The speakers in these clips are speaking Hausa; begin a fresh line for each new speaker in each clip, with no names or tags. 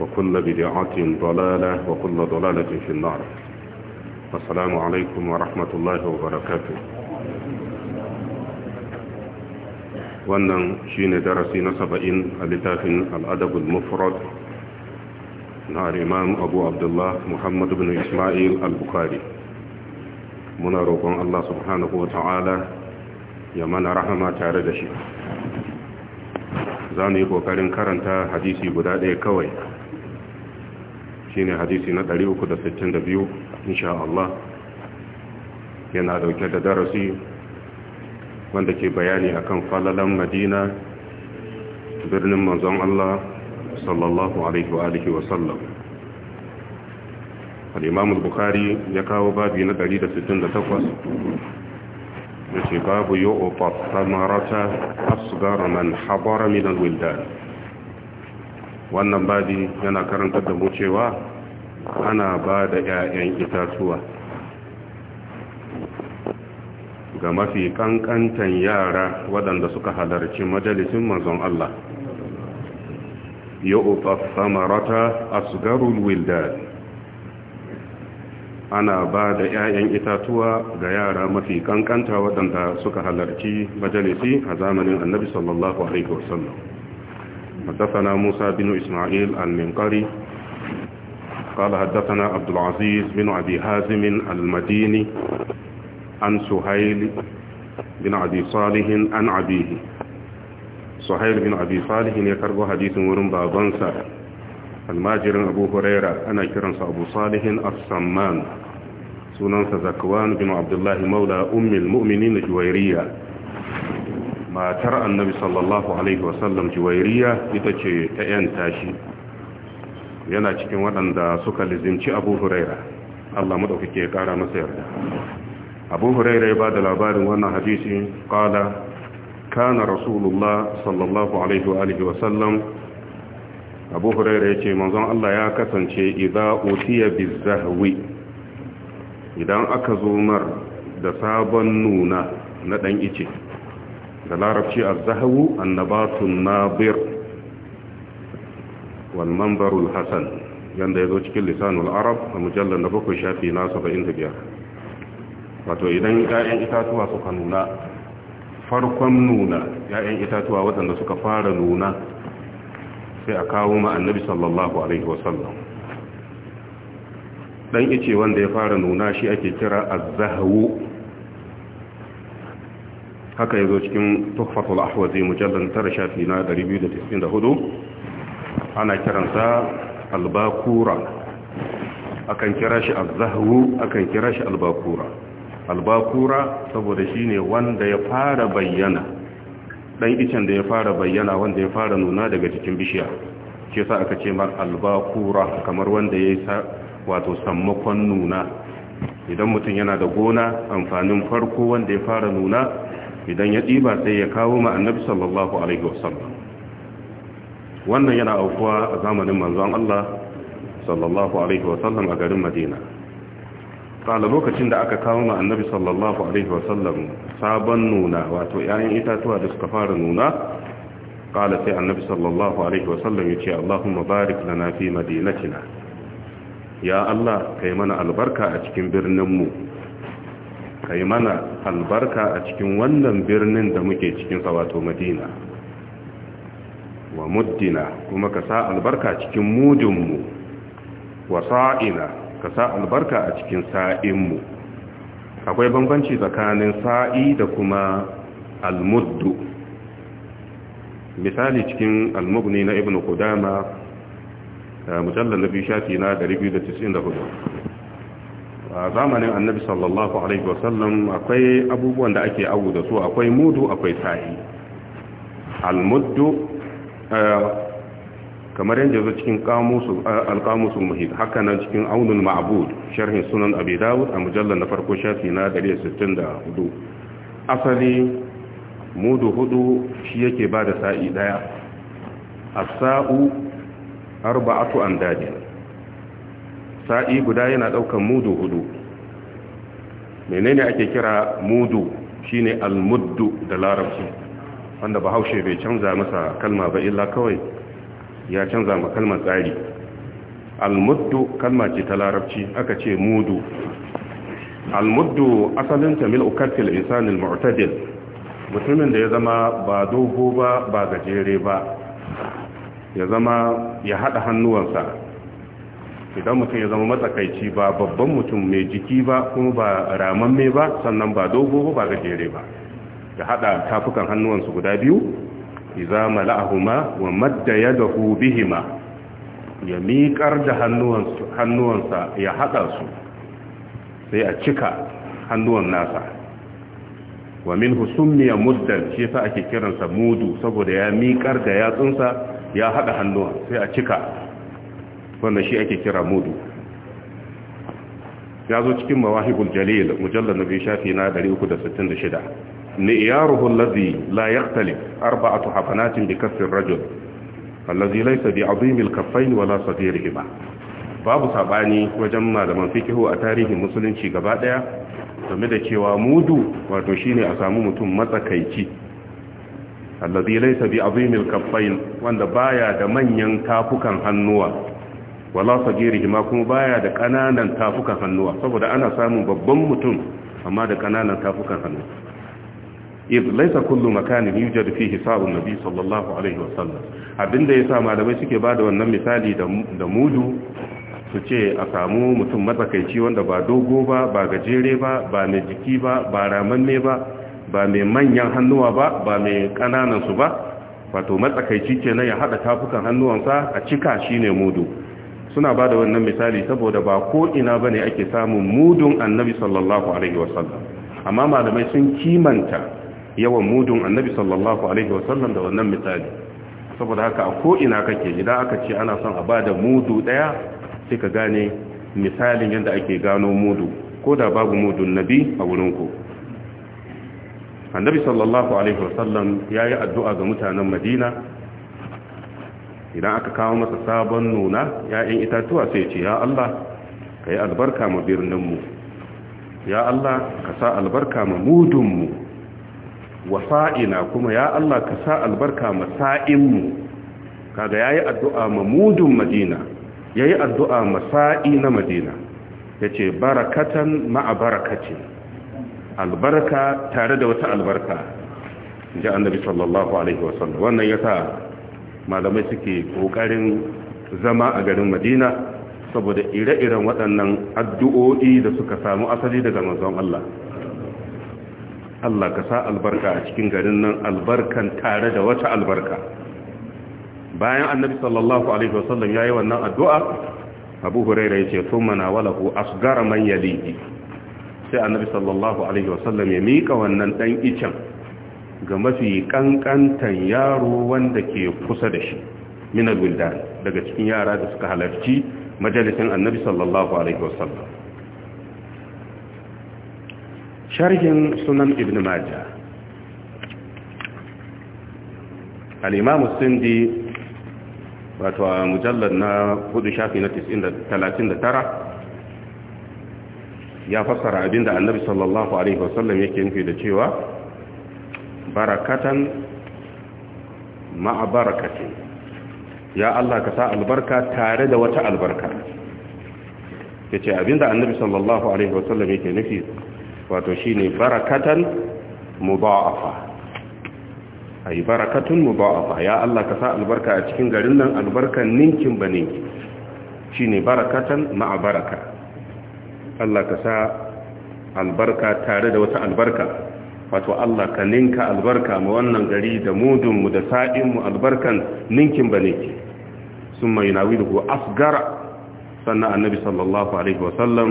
وكل بدعة ضلالة وكل ضلالة في النار السلام عليكم ورحمة الله وبركاته wannan shine darasi na saba'in a littafin al'adabul mufrad na imam abu abdullah muhammad bin ismail al-bukhari muna roƙon allah subhanahu wa ta'ala ya mana rahama tare da shi za mu yi ƙoƙarin karanta hadisi guda ɗaya kawai shine hadisi na 362 insha Allah yana dauke da darasi wanda ke bayani akan falalan Madina birnin manzon Allah sallallahu alaihi wa alihi wa sallam al-Imam al-Bukhari ya kawo babi na 168 yace babu yu'ta samarata asghar man habara min al-wildan wannan babi yana karantar da mu cewa ana ba da 'ya'yan itatuwa ga mafi kankantan yara waɗanda suka halarci majalisin manzon Allah yu'ta samarata asgarul wildad ana ba da 'ya'yan itatuwa ga yara mafi kankanta waɗanda suka halarci majalisi a zamanin annabi sallallahu alaihi wasallam حدثنا موسى بن إسماعيل المنقري قال حدثنا عبد العزيز بن أبي هازم المديني عن سهيل بن أبي صالح عن أبيه سهيل بن أبي صالح يكره حديث ورم بابنسا الماجر أبو هريرة أنا كرنس أبو صالح السمان سننس زكوان بن عبد الله مولى أم المؤمنين جويرية matar annabi sallallahu alaihi wasallam juwairiya ita ce ta yanta shi yana cikin waɗanda suka lizinci abu huraira allah maɗaukake ya ƙara masa yarda abu huraira ya ba da labarin wannan hadisi ƙala kana rasulullah sallallahu alaihi wa wasallam abu huraira ya ce manzon allah ya kasance idza utiya bizahwi idan aka zo mar da sabon nuna na ɗan ice da larabci az-zahabu annabatun nabir wal Hassan yadda ya zo cikin lisanul arab a mujallar na bakwai shafi na 75 wato idan 'ya'yan itatuwa suka nuna farkon nuna 'ya'yan itatuwa waɗanda suka fara nuna sai a kawo ma annabi sallallahu alaihi wasallam dan ice wanda ya fara nuna shi ake kira a zahawu. haka yazo cikin tuhfatul ahwazi mujallal tara shafi na 294 ana kiransa albakura akan kira shi az-zahwu akan kira shi albakura albakura saboda shine wanda ya fara bayyana dan icen da ya fara bayyana wanda ya fara nuna daga cikin bishiya ke sa aka ce mar albakura kamar wanda ya yi wato sammakon nuna idan mutum yana da gona amfanin farko wanda ya fara nuna idan ya ɗiba sai ya kawo ma annabi sallallahu alaihi wasallam wannan yana aukuwa a zamanin manzon Allah sallallahu alaihi wasallam a garin Madina kala lokacin da aka kawo ma annabi sallallahu alaihi wasallam sabon nuna wato 'ya'yan itatuwa da suka fara nuna kala sai annabi sallallahu alaihi wasallam yace Allahumma barik lana fi madinatina ya Allah kai mana albarka a cikin birnin mu ka yi mana albarka a cikin wannan birnin da muke cikin sawato madina wa muddina kuma ka sa albarka cikin mudinmu wa sa'ina ka sa albarka a cikin sa'inmu akwai bambanci tsakanin sa'i da kuma almuddu misali cikin almugni na ibn kudama eh, mujallar na biyu shafi na 294 a zamanin annabi sallallahu alaihi wasallam akwai abubuwan da ake abu da su akwai mudu akwai sa'i almuddu eh, kamar yadda zo cikin alkamusul eh, muhit haka nan cikin aunin ma'abud sharhin sunan abi dawud a mujallar na farko shafi na 164 asali mudu hudu shi yake ba da sa'i daya a sa'u arba'atu an dajin sa'i guda yana ɗaukan mudu hudu menene ake kira mudu shine almuddu da larabci wanda bahaushe bai canza masa kalma ba illa kawai ya canza ma kalmar tsari almuddu kalma ce ta larabci aka ce mudu almuddu asalinta mil ukatil insanin mu'tadil mutumin da ya zama ba dogo ba ba gajere ba ya zama ya hada hannuwansa idan mutum ya zama matsakaici ba babban mutum mai jiki ba kuma ba mai ba sannan ba dogo ba gajere ba da hada tafukan hannuwansu guda biyu iza mala'ahuma wa madda yadahu bihima ya miƙar da hannuwansa ya haɗa su sai a cika hannuwan nasa wa min husummiya muddan shi sa ake kiransa mudu saboda ya miƙar da yatsunsa ya haɗa hannuwan sai a cika wannan shi ake kira mudu ya zo cikin mawahibul jalil mujallar nabi shafi na 366 ni'yaruhu allazi la yaqtali arba'atu hafanatin bi kasr rajul allazi laysa bi azim al-kaffayn wala ba. babu sabani wajen malaman fikihu a tarihin musulunci gaba daya game da cewa mudu wato shine a samu mutum matsakaici allazi laysa bi azim al-kaffayn wanda baya da manyan kafukan hannuwa wala sagiri ma kuma baya da kananan tafukan hannuwa saboda ana samun babban mutum amma da kananan tafukan hannu idh laysa kullu makanin yujadu fihi sa'un nabi sallallahu alaihi wa wasallam abinda yasa malamai suke bada wannan misali da mudu su ce a samu mutum matsakaici wanda ba dogo ba ba gajere ba ba mai jiki ba ba ramanne ba ba mai manyan hannuwa ba ba mai kananan su ba wato matsakaici kenan ya hada tafukan hannuwansa a cika shine mudu suna ba da wannan misali saboda ba ko ina ba ne ake samun mudun annabi sallallahu alaihi wasallam amma malamai sun kimanta yawan mudun annabi sallallahu alaihi wasallam da wannan misali saboda haka a ko ina kake idan aka ce ana son a ba da mudu daya sai ka gane misalin yadda ake gano mudu ko da babu mudun nabi a wurinku annabi sallallahu alaihi wasallam ya yi addu'a ga mutanen madina idan aka kawo masa sabon nuna ya'yan itatuwa sai ce ya Allah ka yi albarka ma birninmu ya Allah ka sa albarka ma mudunmu wa sa'ina kuma ya Allah ka sa albarka ma sa'inmu kaga yayi addu'a ma mudun Madina yayi addu'a ma na Madina yace barakatan ma'a barakatin albarka tare da wata albarka ji annabi sallallahu alaihi wasallam wannan yasa malamai suke kokarin zama a garin madina saboda ire-iren waɗannan addu'o'i da suka samu asali daga manzon Allah Allah ka sa albarka a cikin garin nan albarkan tare da wata albarka bayan annabi sallallahu alaihi wasallam yayi wannan addu'a Abu Hurairah yace mana walaku asgara man yalihi sai annabi sallallahu alaihi wasallam ya mika wannan dan icen ga mafi kankantan yaro wanda ke kusa da shi min alwildan daga cikin yara da suka halarci majalisin annabi sallallahu alaihi wasallam sharhin sunan ibn majah al-imam sindi wato a mujallar na hudu shafi na 39 ya fassara abinda annabi sallallahu alaihi wasallam yake nufi da cewa barakatan ma'a barakatin ya Allah ka sa albarka tare da wata albarka ya ce abinda annabi sallallahu alaihi wasallam yake nufi wato shine barakatan muba'afa ai barakatun muba'afa ya Allah ka sa albarka a cikin garin nan albarkan ninkin ba Shi ne barakatan ma'a baraka Allah ka sa albarka tare da wata albarka wato Allah ka ninka albarka mu wannan gari da mudunmu da sa'inmu albarkan ninkin ba ninki sun mai asgara sannan annabi sallallahu alaihi wasallam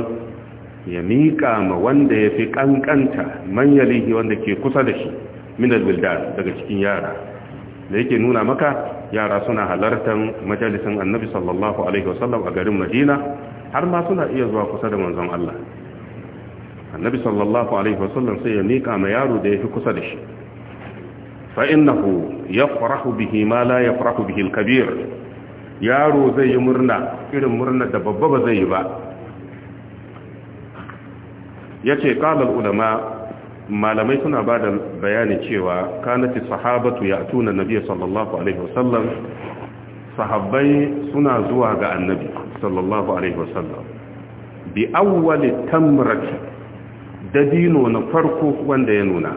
ya miƙa ma wanda ya fi ƙanƙanta man yalihi wanda ke kusa da shi min alwildan daga cikin yara da yake nuna maka yara suna halartar majalisin annabi sallallahu alaihi wasallam a garin madina har ma suna iya zuwa kusa da manzon Allah annabi sallallahu alaihi wasallam sai ya mika ma yaro da ya fi kusa da shi fa innahu yafrahu bihi ma la yafrahu bihi al-kabir yaro zai yi murna irin murna da babba ba zai yi ba yace qala ulama malamai suna ba da bayani cewa kanati sahabatu tuna nabiyyi sallallahu alaihi wasallam sahabbai suna zuwa ga annabi sallallahu alaihi wasallam bi awwali tamrati dabino na farko wanda ya nuna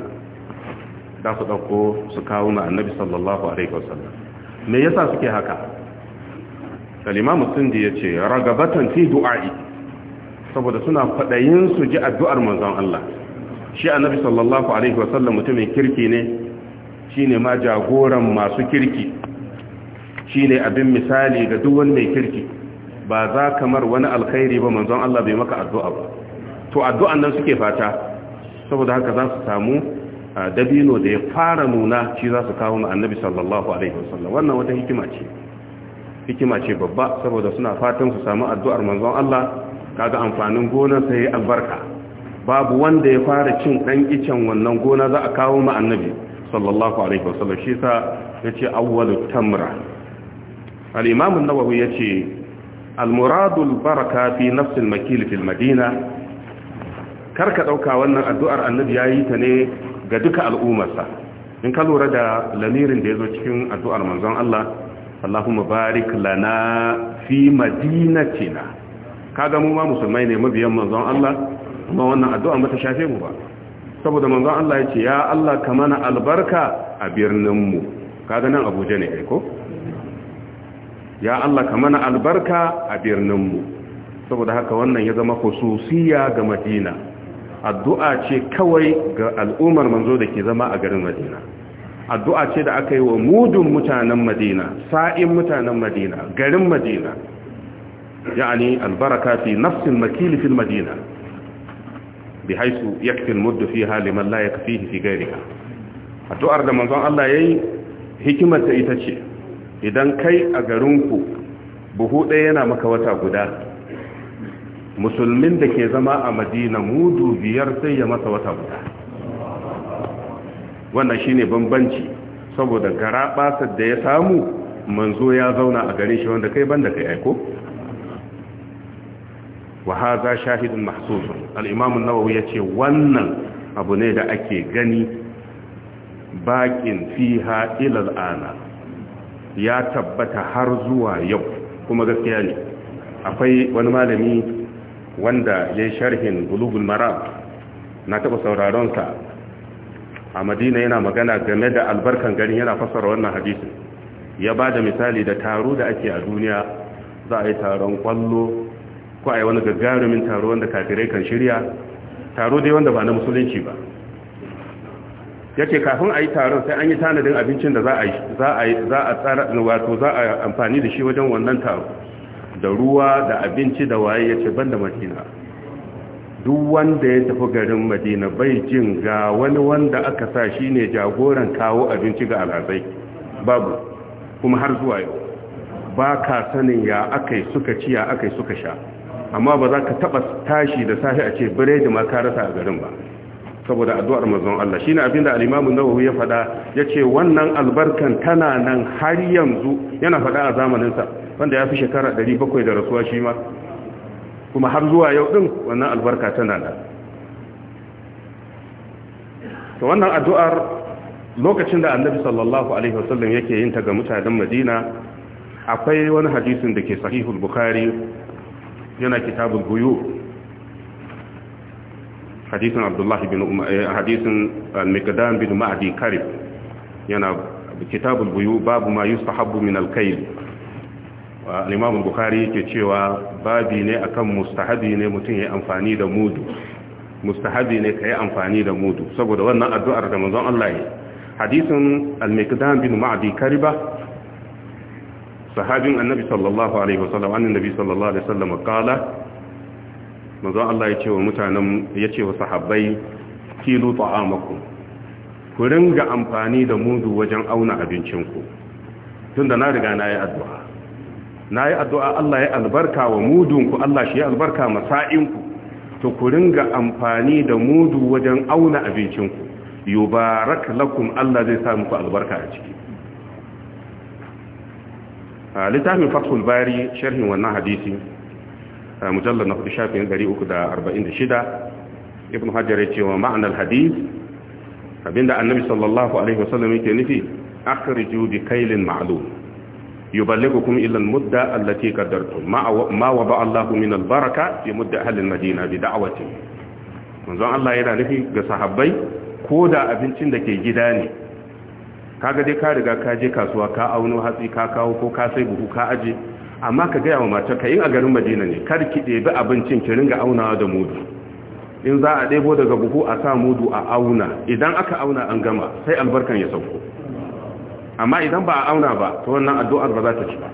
da su ɗauko su kawo na annabi sallallahu alaihi wasallam me yasa suke haka salima musundi ya ce ragabatan fi du'a'i saboda suna faɗayin su ji addu'ar manzon Allah shi annabi sallallahu alaihi wasallam mutumin kirki ne shine ma jagoran masu kirki shine abin misali ga duk wani mai kirki ba za kamar wani alkhairi ba manzon Allah bai maka addu'a ba to addu'an nan suke fata saboda haka za su samu ah, dabino da ya fara nuna shi za su kawo annabi sallallahu alaihi wasallam wannan wata hikima ce hikima ce babba saboda suna fatan su samu addu'ar manzon Allah kaga amfanin gonar sai albarka babu wanda ya fara cin ɗan icen wannan gona za a kawo ma annabi sallallahu alaihi wasallam shi sa yace awwalut tamra al-imam an-nawawi yace al-muradu al-baraka fi nafs al-makil fi al-madina kar ka ɗauka wannan addu'ar annabi ya yi ta ne ga duka al'ummarsa in ka lura da lamirin da ya zo cikin addu'ar manzon Allah Allahumma barik lana fi madinatina kaga mu ma musulmai ne mabiyan manzon Allah kuma wannan addu'a mata shafe mu ba saboda manzon Allah ya ce ya Allah ka mana albarka a birnin mu kaga nan Abuja ne ai ko ya Allah ka mana albarka a birnin mu saboda haka wannan ya zama khususiya ga Madina addu'a ce kawai ga al'ummar manzo da ke zama a garin madina addu'a ce da aka yi wa mudun mutanen madina sa'in mutanen madina garin madina ya'ani albaraka fi nafsin makili fil madina bi haisu yakfil muddu fiha liman la fi ghayriha addu'ar da manzon Allah yayi hikimarta ita ce idan kai a garinku buhu ɗaya yana maka wata guda musulmin da ke zama a madina mudu biyar sai ya masa wata guda wannan shine bambanci saboda gara basar da ya samu manzo ya zauna a garin shi wanda kai banda kai aiko wa haza shahidun mahsusun al-imam ya ce wannan abu ne da ake gani bakin fiha ilal ana ya tabbata har zuwa yau kuma gaskiya ne akwai wani malami wanda ya yi sharhin bulugul maram na taɓa sauraronsa a madina yana magana game da albarkan gani yana fassara wannan hadisin ya ba da misali da taro da ake a duniya za a yi taron kwallo ko a yi wani gagarumin taro wanda kafirai kan shirya taro dai wanda ba na musulunci ba ya ce kafin a yi taron sai an yi tanadin abincin da za a yi za a tsara wato za a amfani da shi wajen wannan taro da ruwa da abinci da waye ya ce ban da madina duk wanda ya tafi garin madina bai jin ga wani wanda aka sa shi ne jagoran kawo abinci ga alazai babu kuma har zuwa yau ba ka sanin ya akai suka ci ya akai suka sha amma ba za ka taba tashi da sahi a ce biredi ma ka rasa a garin ba saboda addu'ar manzon Allah shine abin da al-Imam an-Nawawi ya faɗa yace wannan albarkan tana nan har yanzu yana faɗa a zamanin sa wanda ya fi shekara 700 da rasuwa shi ma kuma har zuwa yau ɗin wannan albarka tana da to wannan addu'ar lokacin da annabi sallallahu alaihi wasallam yake yin ta ga mutanen madina akwai wani hadisin da ke sahihul bukhari yana kitabul buyu hadisin abdullahi bin Umar, eh, hadisin al-miqdam bin ma'di karib yana kitabul buyu babu ma yustahabbu min al-kayl al-imam bukhari yake cewa babi ne akan mustahabi ne mutum ya amfani da mudu mustahabi ne ka yi amfani da mudu saboda wannan addu'ar da manzon Allah ya hadisin al-miqdam bin ma'di kariba sahabin annabi sallallahu alaihi wasallam annabi sallallahu alaihi wasallam kala manzon Allah ya ce wa mutanen ya ce wa sahabbai kilu ta'amakum ku ringa amfani da mudu wajen auna abincinku tunda na riga na yi addu'a na yi addu'a Allah ya albarka wa mudunku Allah shi ya albarka masa'inku to ku ringa amfani da mudu wajen auna abincinku yubarak lakun Allah zai sa muku albarka a ciki a littafin fathul bari sharhin wannan hadisi mujallar na kudu shafin 346 ibn hajjar ya ce wa ma'anar hadis abinda annabi sallallahu alaihi wasallam yake nufi akhriju bi kailin ma'lum yuballighukum ila al-mudda allati qaddartum ma wa ba Allahu min al-baraka fi mudda ahli al-madina bi da'wati manzon Allah yana nufi ga sahabbai ko da abincin da ke gida ne
kaga dai ka riga ka je kasuwa ka auno hatsi ka kawo ko ka sai buhu ka aje amma ka gaya wa matar ka in a garin madina ne kar ki ɗebi abincin ki ringa aunawa da
mudu in za a ɗebo daga buhu a sa mudu a auna idan aka auna an gama sai albarkan ya sauko amma idan ba a auna ba to wannan addu'ar ba za ta ci ba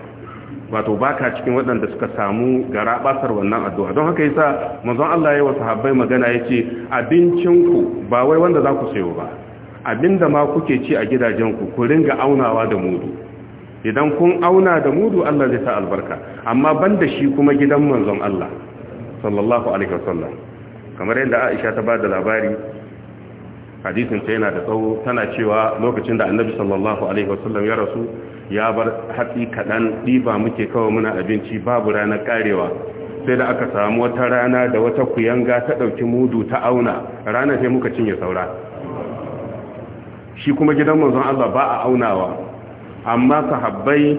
wato baka cikin waɗanda suka samu gara wannan addu'a don haka yasa manzon Allah ya wa sahabbai magana ya ce abincinku ba wai wanda za ku sayo ba abinda ma kuke ci a gidajen ku ku ringa aunawa da mudu idan kun auna da mudu Allah zai sa albarka amma banda shi kuma gidan manzon Allah sallallahu alaihi wasallam kamar yadda Aisha ta ba da labari hadisin ta yana da tsawo tana cewa lokacin da annabi sallallahu alaihi wasallam ya rasu ya bar hatsi kaɗan ɗiba muke kawo muna abinci babu ranar karewa sai da aka samu wata rana da wata kuyanga ta ɗauki mudu ta auna ranar sai muka cinye saura shi kuma gidan manzon Allah ba a aunawa amma sahabbai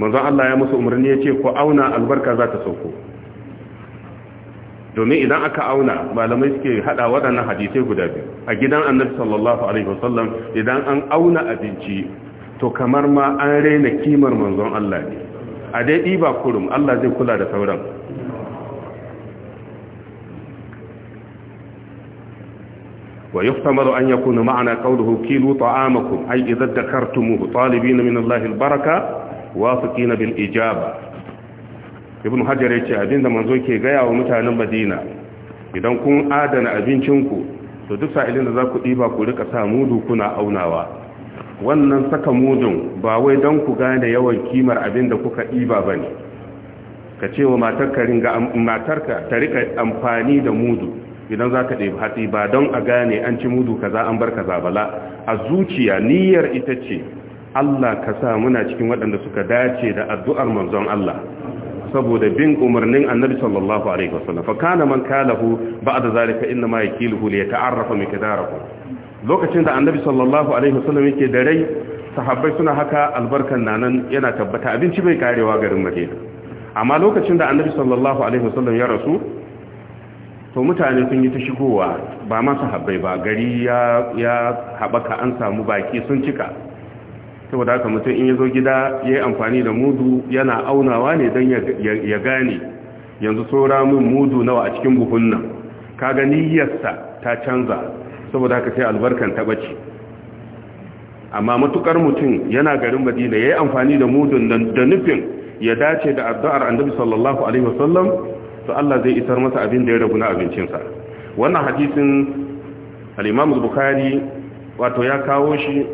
manzon Allah ya musu umarni ya ce ku auna albarka za ta sauko domin idan aka auna malamai suke hada waɗannan hadisai guda biyu a gidan annabi sallallahu alaihi wasallam idan an auna abinci to kamar ma an raina kimar manzon Allah ne a dai ɗiba kurum Allah zai kula da sauran ma'ana أن يكون معنى قوله كيلوا طعامكم أي إذا ادكرتموه طالبين من baraka البركة bil Ijaba. ibn hajar ya ce abinda manzo ke gaya wa mutanen madina idan kun adana abincinku to duk sa'ilin da za ku ɗiba ku rika sa mudu kuna aunawa wannan saka mudun ba wai don ku gane yawan kimar abin da kuka ɗiba ba ne
ka ce wa matarka ta rika
amfani da mudu idan za ka ɗebi hatsi ba don a gane an ci mudu kaza an bar kaza bala a zuciya niyyar ita ce Allah ka sa muna cikin waɗanda suka dace da addu'ar manzon Allah saboda bin umarnin annabi sallallahu alaihi wasallam fa kana man kalahu ba'da zalika inna ma yakiluhu li yata'arrafa miqdarahu lokacin da annabi sallallahu alaihi wasallam yake da rai sahabbai suna haka albarkan nanan yana tabbata abinci bai karewa garin madina amma lokacin da annabi sallallahu alaihi wasallam ya rasu to mutane sun yi ta shigowa ba ma sahabbai ba gari ya ya habaka an samu baki sun cika saboda haka mutum in ya zo gida ya yi amfani da mudu yana aunawa ne don ya gane yanzu tsora min mudu nawa a cikin buhun nan ka ga niyyarsa ta canza saboda haka sai albarkan ta bace amma matukar mutum yana garin madina ya yi amfani da mudu da nufin ya dace da addu'ar annabi sallallahu alaihi wasallam to Allah zai isar masa abin da ya rabu na abincinsa wannan hadisin al-imam bukhari wato ya kawo shi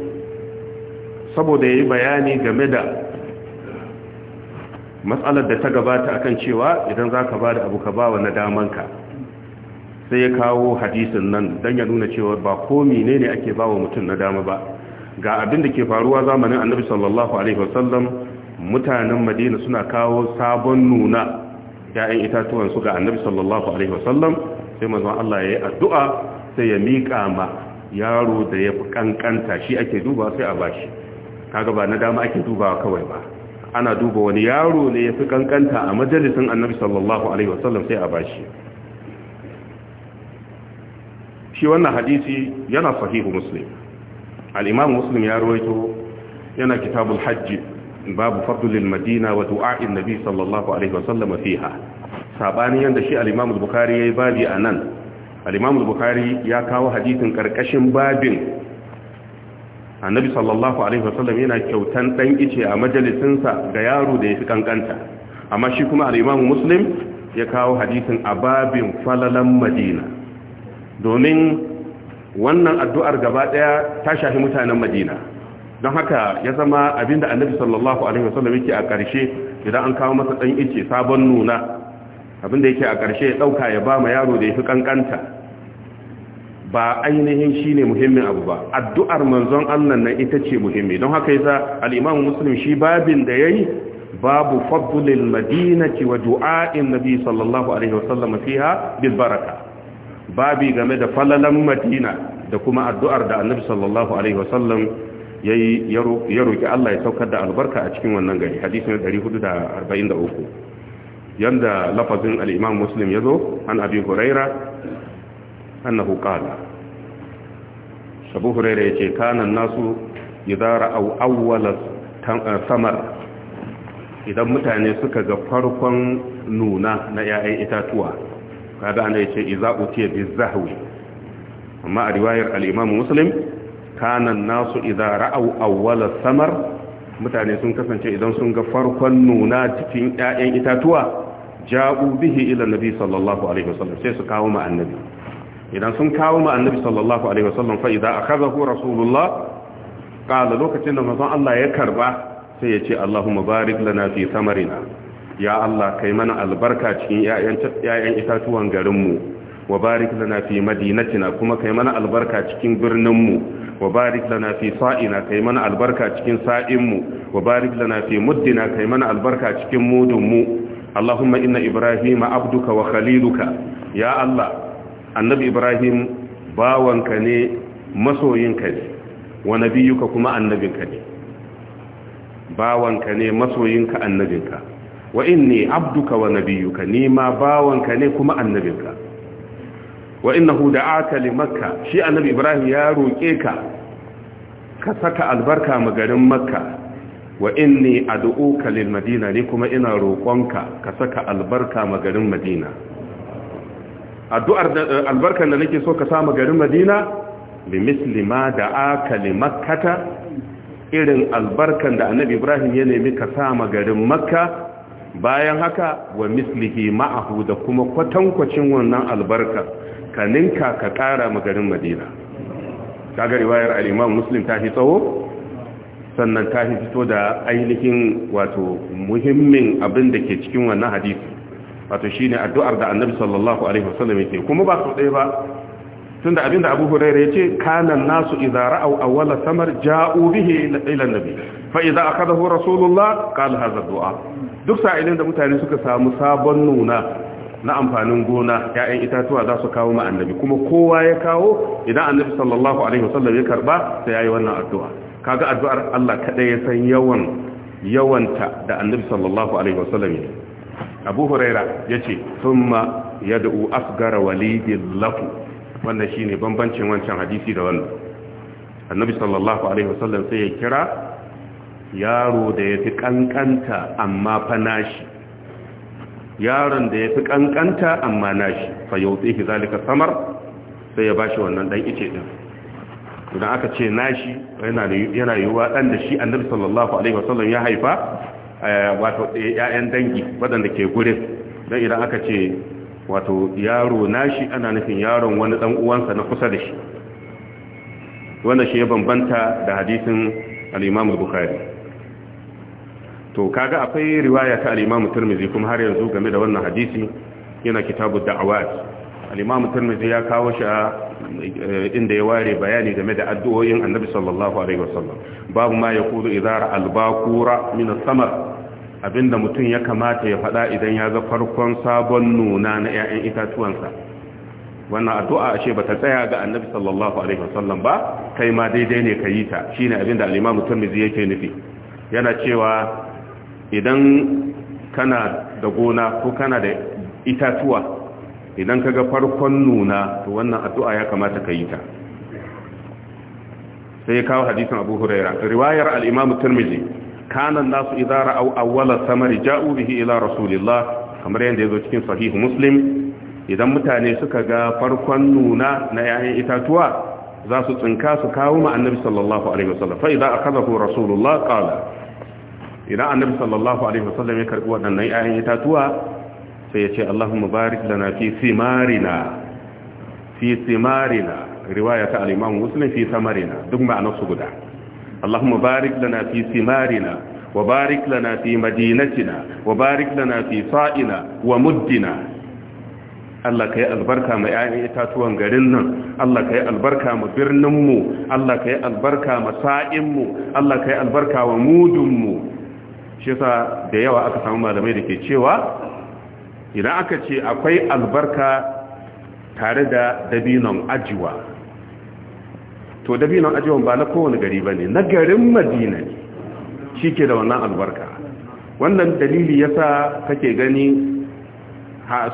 saboda ya yi bayani game da matsalar da ta gabata a kan cewa idan za ka ba da abu ka ba wa na damanka sai ya kawo hadisin nan don ya nuna cewa ba komi ne ne ake ba wa mutum na dama ba ga abin da ke faruwa zamanin annabi sallallahu alaihi wasallam mutanen madina suna kawo sabon nuna ya'yan itatuwansu ga annabi sallallahu alaihi wasallam sai manzon Allah ya yi addu'a sai ya miƙa ma yaro da ya fi kankanta shi ake duba sai a bashi kaga ba na dama ake dubawa kawai ba ana duba wani yaro ne ya fi kankanta a majalisin annabi sallallahu alaihi wasallam sai a bashi shi wannan hadisi yana sahihu muslim al-imam muslim ya rawaito yana kitabul hajj babu fadlil madina wa du'a'in nabi sallallahu alaihi wasallam fiha sabani yanda shi al-imam al-bukhari yayi babi anan al-imam al-bukhari ya kawo hadisin karkashin babin
annabi sallallahu alaihi wasallam yana kyautan dan ice a majalisinsa ga yaro da ya fi kankanta
amma shi kuma al-imam muslim ya kawo hadisin ababin falalan madina domin wannan addu'ar gaba daya ta shafi mutanen madina don haka ya zama abinda annabi sallallahu alaihi wasallam yake a ƙarshe idan an kawo masa dan ice sabon nuna abinda yake a karshe ya dauka ya ba ma yaro da ya fi kankanta ba ainihin shine muhimmin abu ba addu'ar manzon Allah nan ita ce muhimmi don haka yasa al-Imam Muslim shi babin da yayi babu fadlil madinati wa du'a'in nabi sallallahu alaihi wasallam fiha bil baraka babi game da falalan madina da kuma addu'ar da annabi sallallahu alaihi wasallam yayi ya roki Allah ya saukar da albarka a cikin wannan gari hadisi 443 yanda lafazin al-Imam Muslim yazo an Abi Hurairah annahu qala Abu Hurairah yace kanan nasu idara aw awwala eh, samar idan mutane suka ga farkon nuna na 'ya'yan itatuwa kada ana yace idza utiya bizahwi amma a riwayar al-Imam Muslim kanan nasu idza ra'aw awwala samar mutane sun kasance idan sun ga farkon nuna cikin 'ya'yan itatuwa ja'u bihi ila nabi sallallahu alaihi wasallam sai su kawo ma annabi idan sun kawo ma annabi sallallahu alaihi wasallam fa idza akhadahu rasulullah qala lokacin da manzon Allah ya karba sai ya ce Allahumma barik lana fi samarina ya Allah kai mana albarka cikin 'ya'yan itatuwan garinmu wa barik lana fi madinatina kuma kai mana albarka cikin birninmu wa barik lana fi sa'ina kai mana albarka cikin sa'inmu wa barik lana fi muddina kai mana albarka cikin mu Allahumma inna Ibrahima abduka wa khaliluka ya Allah annabi ibrahim bawanka ne masoyinka ne wa nabiyuka kuma annabinka ne bawanka ne masoyinka annabinka wa inni abduka wa nabiyuka ni ma bawanka ne kuma annabinka wa innahu da'aka li makka shi annabi ibrahim ya roke ka ka saka albarka ma garin makka wa inni ad'uka lil madina ni kuma ina roƙonka ka saka albarka ma garin madina addu'ar eh, albarkar da nake so ka samu garin madina bi mislima da aka limakkata irin albarkar da annabi ibrahim ya nemi ka samu garin makka bayan haka wa mislihi ma'ahu da kuma kwatankwacin wannan albarka ka ninka ka kara magarin madina kaga riwayar al-imam muslim ta tsawo sannan ta fito da ainihin wato muhimmin abin da ke cikin wannan hadisi wato shine addu'ar da annabi sallallahu alaihi wasallam yake kuma ba su ɗaya ba tunda abinda abu ya ce kana nasu idza ra'aw awwala samar ja'u bihi ila Fa'iza fa idza akhadahu rasulullah qala hadha du'a duk sa'ilin da mutane suka samu sabon nuna na amfanin gona ya'yan itatuwa za su kawo ma annabi kuma kowa ya kawo idan annabi sallallahu alaihi wasallam ya karba sai yayi wannan addu'a kaga addu'ar Allah kaɗai ya san yawan yawanta da annabi sallallahu alaihi wasallam yake abu huraira ya ce sun ma ya da'u asgara walidin lafu wannan shi ne bambancin wancan hadisi da wannan annabi sallallahu alaihi wasallam sai ya kira yaro da ya fi kankanta amma fa nashi yaron da ya fi kankanta amma nashi fa yautihi zalika samar sai ya bashi wannan dan ice din idan aka ce nashi yana yana yiwuwa dan da shi annabi sallallahu alaihi wasallam ya haifa Eh, wato ‘ya'yan eh, dangi waɗanda ke gurin don idan aka ce wato yaro nashi ana nufin yaron wani ɗan uwansa na kusa da shi wanda shi ya bambanta da hadisin al'imamu bukari to kaga akwai riwaya ta al'imamu turmizi kuma har yanzu game da wannan hadisi yana kitabu da'awat al turmizi ya kawo shi a eh, inda ya ware bayani game da addu'o'in annabi sallallahu alaihi wasallam babu ma ya idhara al-baqura min samar abinda mutum ya kamata ya faɗa idan ya ga farkon sabon nuna na yayan itatuwansa wannan addu'a ashe ba ta tsaya ga annabi sallallahu alaihi wasallam ba kai ma daidai ne ka yi ta shine abinda al-imam turmizi yake nufi yana cewa idan kana da gona ko kana da itatuwa idan kaga farkon nuna to wannan addu'a ya kamata ka yi ta sai ya kawo hadisin abu huraira riwayar al'imamu turmiji kanan nasu idara au awwala samari ja'u bihi ila rasulillah kamar yadda ya zo cikin sahihu muslim idan mutane suka ga farkon nuna na 'ya'yan itatuwa za su tsinka su kawo ma annabi sallallahu alaihi wasallam fa idan akazahu rasulullah qala idan annabi sallallahu alaihi wasallam ya karbi wadannan 'ya'yan itatuwa sai ya ce Allahumma barik lana fi simarina fi simarina riwaya ta al-Imam Muslim fi samarina duk ma'anar su guda Allahumma barik lana fi simarina wa barik lana fi madinatina wa barik lana fi sa'ina wa muddina Allah ka yi albarka ma 'ya'yan itatuwan garin nan Allah ka yi albarka ma birninmu Allah ka yi albarka ma sa'inmu Allah ka yi albarka wa mudunmu shi yasa da yawa aka samu malamai da ke cewa idan aka ce akwai albarka tare da dabinon ajiwa to dabinon ajiwa ba na kowane gari ba ne na garin madina ne shi ke da wannan albarka wannan dalili yasa kake gani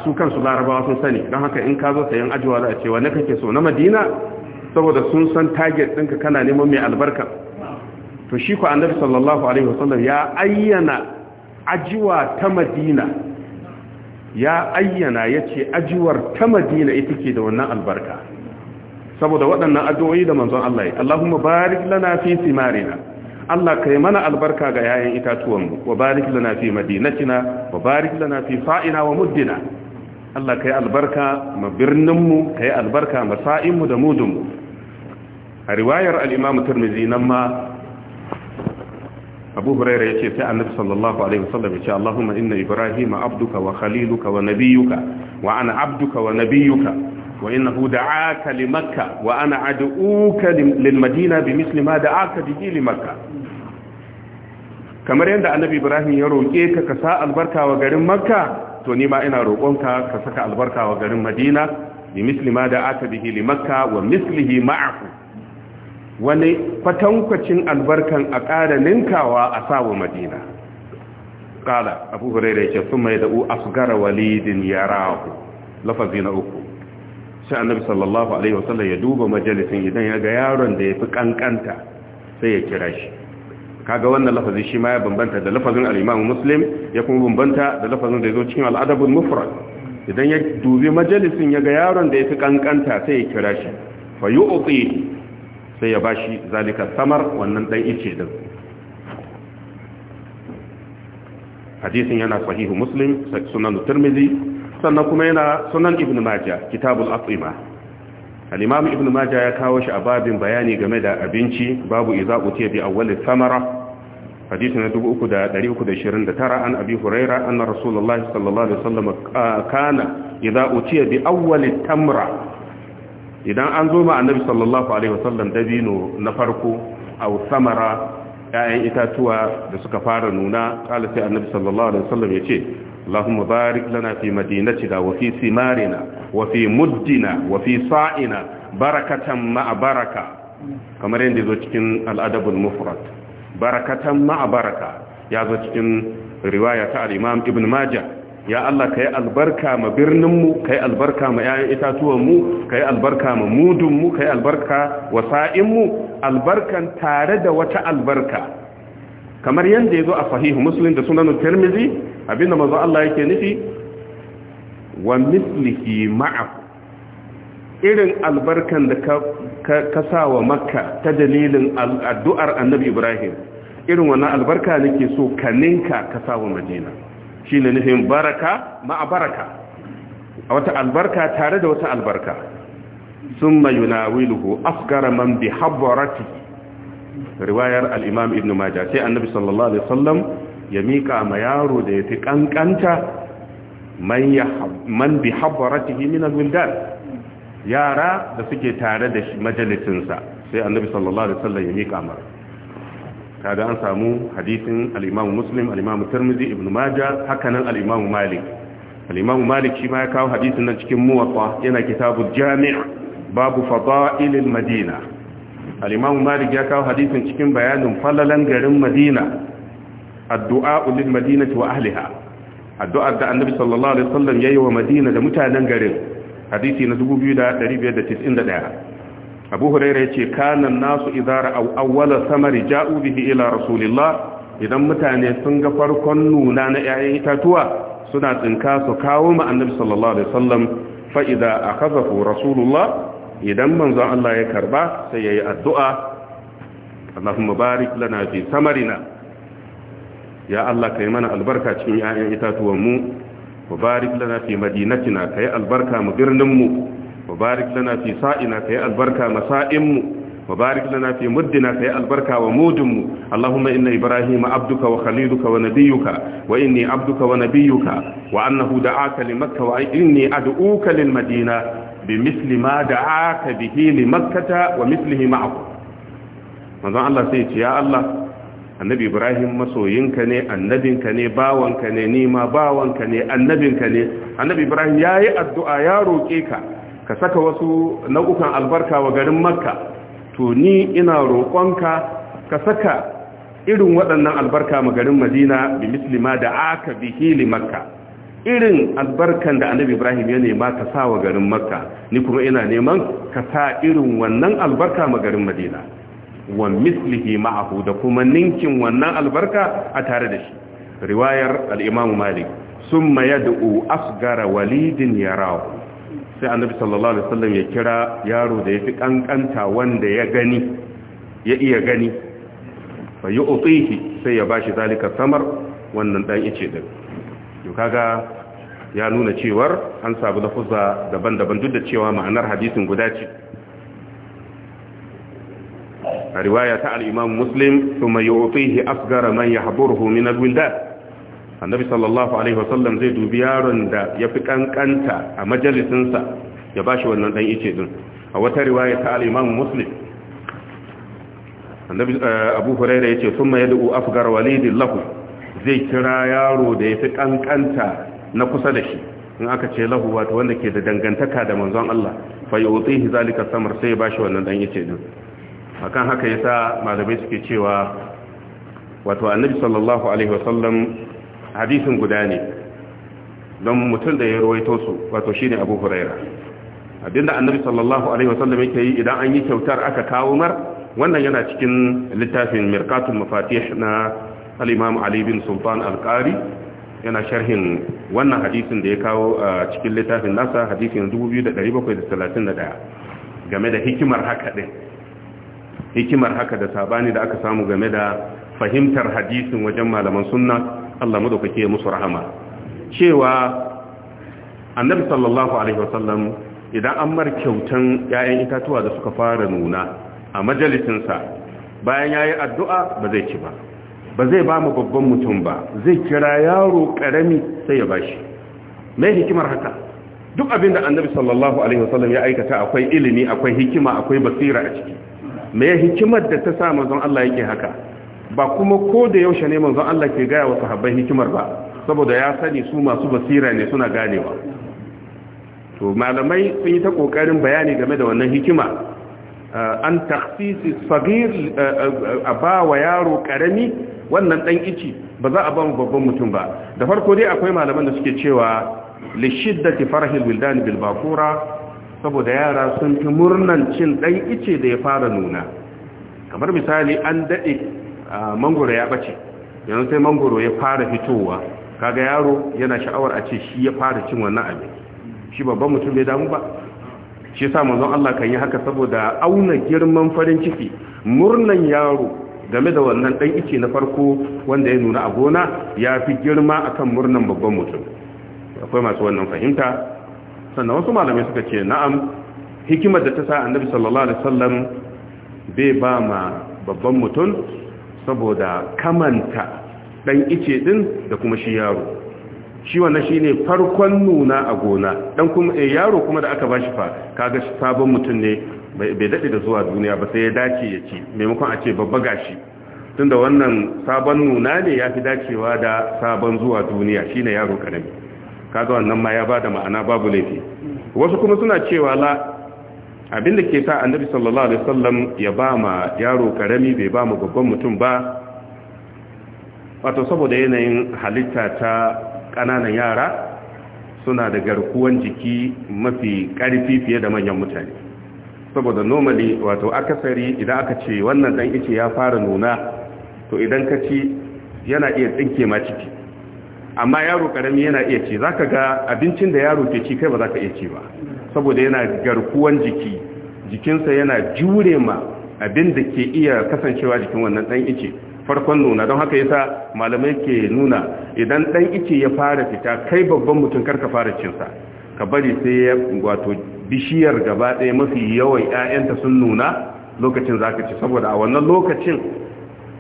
su kansu larabawa sun sani don haka in ka zo sayan ajiwa za a ce wane kake so na madina saboda sun san target ɗinka kana neman mai albarka to shi ku annabi sallallahu alaihi wasallam ya ayyana ajiwa ta madina ya ayyana ya ce ajiwar ta madina ita ke da wannan albarka saboda waɗannan addu'o'i da manzon Allah ya Allahumma barik lana fi simarina Allah ka yi mana albarka ga yayan itatuwanmu wa barik lana fi madinatina wa barik lana fi fa'ina wa muddina Allah ka yi albarka ma birninmu ka yi albarka ma sa'inmu da mudunmu a riwayar al'imamu turmizi nan ma abu huraira ya ce sai annabi sallallahu alaihi wasallam ya ce allahumma inna ibrahima abduka wa khaliluka wa nabiyuka wa ana abduka wa nabiyuka wa innahu da'aka li makka wa ana ad'uka lil madina bi misli ma da'aka bihi li makka kamar yadda annabi ibrahim ya roke ka ka sa albarka wa garin makka to ni ma ina roƙonka ka saka albarka wa garin madina bi misli ma da'aka bihi li makka wa mislihi ma'ahu wani kwatankwacin albarkan a ƙara ninkawa a sawa madina ƙala abu da yake sun mai da'u asgara walidin ya rahu lafazi na uku sai annabi sallallahu alaihi wasallam ya duba majalisin idan ya ga yaron da ya fi ƙanƙanta sai ya kira shi kaga wannan lafazi shi ma ya bambanta da lafazin al'imamu Muslim ya kuma bambanta da lafazin da ya zo cikin al'adabin adabul Mufrad idan ya dubi majalisin ya ga yaron da ya fi ƙanƙanta sai ya kira shi fa yu'ti sai ya bashi zalika samar wannan dan ice din hadisin yana sahihu muslim sunan Turmizi, sannan kuma yana sunan Ibn majah kitabul atima al-imam ibnu majah ya kawo shi a babin bayani game da abinci babu iza utiya bi awwal samara hadisin 3329 an abi huraira anna rasulullahi sallallahu alaihi wasallam ah, kana idza utiya bi awwal tamra idan an zo ma annabi sallallahu alaihi wasallam dabino na farko au samara ya'yan itatuwa da suka fara nuna kala sai annabi sallallahu alaihi wasallam yace Allahumma barik lana fi madinati da wa fi simarina wa fi muddina sa'ina barakatan ma'a baraka kamar yadda zo cikin al'adabul mufrad barakatan ma'a baraka ya zo cikin riwaya ta al-imam Maja. ya Allah ka yi albarka ma birninmu ka yi albarka ma 'ya'yan itatuwanmu ka yi albarka ma mudunmu ka yi albarka wasa'inmu albarkan tare da wata albarka kamar yadda ya zo a fahihu muslim da sunan tirmizi abinda manzo Allah yake nufi wa mislihi ma'a irin albarkan da ka sa wa makka ta dalilin addu'ar annabi ibrahim irin wannan albarka nake so ka ninka ka sa wa madina Shi shine nufin baraka ma'a baraka wata albarka tare da wata albarka summa yunawiluhu asgara man bi habbarati riwayar al-imam ibn majah sai annabi sallallahu alaihi sallam, ya miƙa ma yaro da ya fi ƙanƙanta. man bi habbaratihi min al-wildan yara da suke tare da majalisinsa sai annabi sallallahu alaihi sallam ya miƙa mara ga an samu hadisin al-Imam Muslim al-Imam Tirmidhi Ibn Majah haka nan al Malik al-Imam Malik shi ma ya kawo hadisin nan cikin Muwatta yana kitabu jami'a babu fada'ilil Madina al-Imam Malik ya kawo hadisin cikin bayanin falalan garin Madina addu'a lil madinati wa ahliha addu'ar da annabi sallallahu alaihi wasallam yi wa madina da mutanen garin hadisi na 2591 abu huraira ya ce kanan nasu idara awwala samari ja'u bihi ila rasulillah idan mutane sun ga farkon nuna na 'ya'yan itatuwa suna tsinka su kawo ma annabi sallallahu alaihi wasallam fa idza akhadahu rasulullah idan manzon Allah ya karba sai yayi addu'a Allahumma barik lana fi samarina ya Allah kai mana albarka cikin 'ya'yan itatuwan mu wa barik lana fi madinatina kai albarka mu birnin mu mubarak lana fi sa'ina kai albarka masa'inmu mubarak lana fi muddina kai albarka wa mudinmu allahumma inna ibrahima abduka wa khaliluka wa nabiyyuka wa inni abduka wa nabiyyuka wa annahu da'aka li makka wa inni ad'uka madina bimithli ma da'aka bihi li wa manzon Allah sai ya ce ya Allah annabi ibrahim masoyinka ne annabinka ne bawanka ne nima bawanka ne annabinka ne annabi ibrahim ya yi addu'a ya roke ka ka saka wasu nau'ukan albarka wa garin makka to ni ina roƙonka ka saka irin waɗannan albarka ma garin madina bi muslima da aka bihi li makka irin albarkan da annabi ibrahim ya nema ka sa wa garin makka ni kuma ina neman ka sa irin wannan albarka ma garin madina wa mislihi ma'ahu da kuma ninkin wannan albarka a tare da shi riwayar al-imam malik summa yad'u asghara walidin yarahu sai annabi sallallahu alaihi wasallam ya kira yaro da yafi kankanta wanda ya gani ya iya gani fa yu'tihi sai ya bashi zalika samar wannan dan ice din to kaga ya nuna cewar an sabu lafuzza daban-daban duk da cewa ma'anar hadisin guda ce a riwaya ta al-imam muslim thumma yu'tihi asghara man yahburuhu min al-wildan annabi sallallahu alaihi wasallam zai dubi yaron da ya fi kankanta a majalisinsa ya ba shi wannan dan ice din a wata riwaya ta al-imam muslim annabi eh, abu hurairah yace da u afgar walidin lahu zai kira yaro da ya fi kankanta na kusa da shi in aka ce lahu wata wanda ke da dangantaka da manzon Allah fa yu'tihi zalika samar sai ya ba shi wannan dan ice din akan haka yasa malamai suke cewa wato annabi sallallahu alaihi wasallam hadisin guda ne don mutum da ya rawaito su wato shi ne abu huraira abinda annabi sallallahu alaihi wasallam yake yi idan an yi kyautar aka kawo mar wannan yana cikin littafin mirkatul mafatih na al-imam ali bin sultan al-qari yana sharhin wannan hadisin da ya kawo a cikin littafin nasa hadisin 2731 game da hikimar haka din hikimar haka da sabani da aka samu game da fahimtar hadisin wajen malaman sunna Allah madaukake ya musu rahama cewa annabi sallallahu alaihi wasallam idan an mar kyautan 'ya'yan itatuwa da suka fara nuna a majalisinsa bayan yayi addu'a ba zai ci ba ba zai ba mu babban mutum ba zai kira yaro karami sai ya bashi mai hikimar haka duk abinda annabi sallallahu alaihi wasallam ya aikata akwai ilimi akwai hikima akwai basira a ciki mai hikimar da ta sa manzon Allah yake haka ba kuma ko da yaushe ne manzon Allah ke gaya wa sahabbai hikimar ba saboda ya sani su masu basira ne suna ganewa to malamai sun yi ta kokarin bayani game da wannan hikima uh, an taksisi sagir uh, uh, ba wa yaro karami wannan dan ici ba za a ba babban mutum ba da farko dai akwai malaman da suke cewa li shiddati farahil wildan bil bakura saboda yara sun fi murnan cin dan ice da ya fara nuna kamar misali an dade mangoro ya bace yanzu sai mangoro ya fara fitowa kaga yaro yana sha'awar a ce shi ya fara cin wannan abin shi babban mutum bai damu ba shi yasa manzon Allah kan yi haka saboda auna girman farin ciki murnan yaro game da wannan dan ice na farko wanda ya nuna a gona ya fi girma akan murnan babban mutum akwai masu wannan fahimta sannan wasu malamai suka ce na'am hikimar da ta sa annabi sallallahu alaihi wasallam bai ba ma babban mutum saboda kamanta dan ice din da kuma shi yaro shi wannan shine farkon nuna a gona dan kuma eh, yaro kuma da aka bashi fa kaga sabon mutum ne bai daɗe da zuwa duniya ba sai ya dace ya ci maimakon a ce babba gashi tunda wannan sabon nuna ne ya fi dacewa da sabon zuwa duniya shine yaro karami kaga wannan ma ya bada ma'ana babu laifi wasu kuma suna cewa la abinda ke sa annabi sallallahu alaihi wasallam ya ba ma yaro karami bai ba mu babban mutum ba wato saboda yanayin halitta ta kananan yara suna da garkuwan jiki mafi karfi fiye da manyan mutane saboda normally wato akasari idan aka ce wannan dan ice ya fara nuna to idan ka ci yana iya tsinke ma ciki amma yaro karami yana iya ci zaka ga abincin da yaro ke ci kai ba zaka iya ci ba saboda yana garkuwan jiki
jikinsa yana jure ma abin da ke iya kasancewa jikin wannan ɗan ice farkon nuna don haka yasa malamai ke nuna idan ɗan ice ya fara fita kai babban mutum karka fara cinsa
ka bari sai ya wato bishiyar gaba ɗaya mafi yawan 'ya'yanta sun nuna lokacin za ka ci saboda a wannan lokacin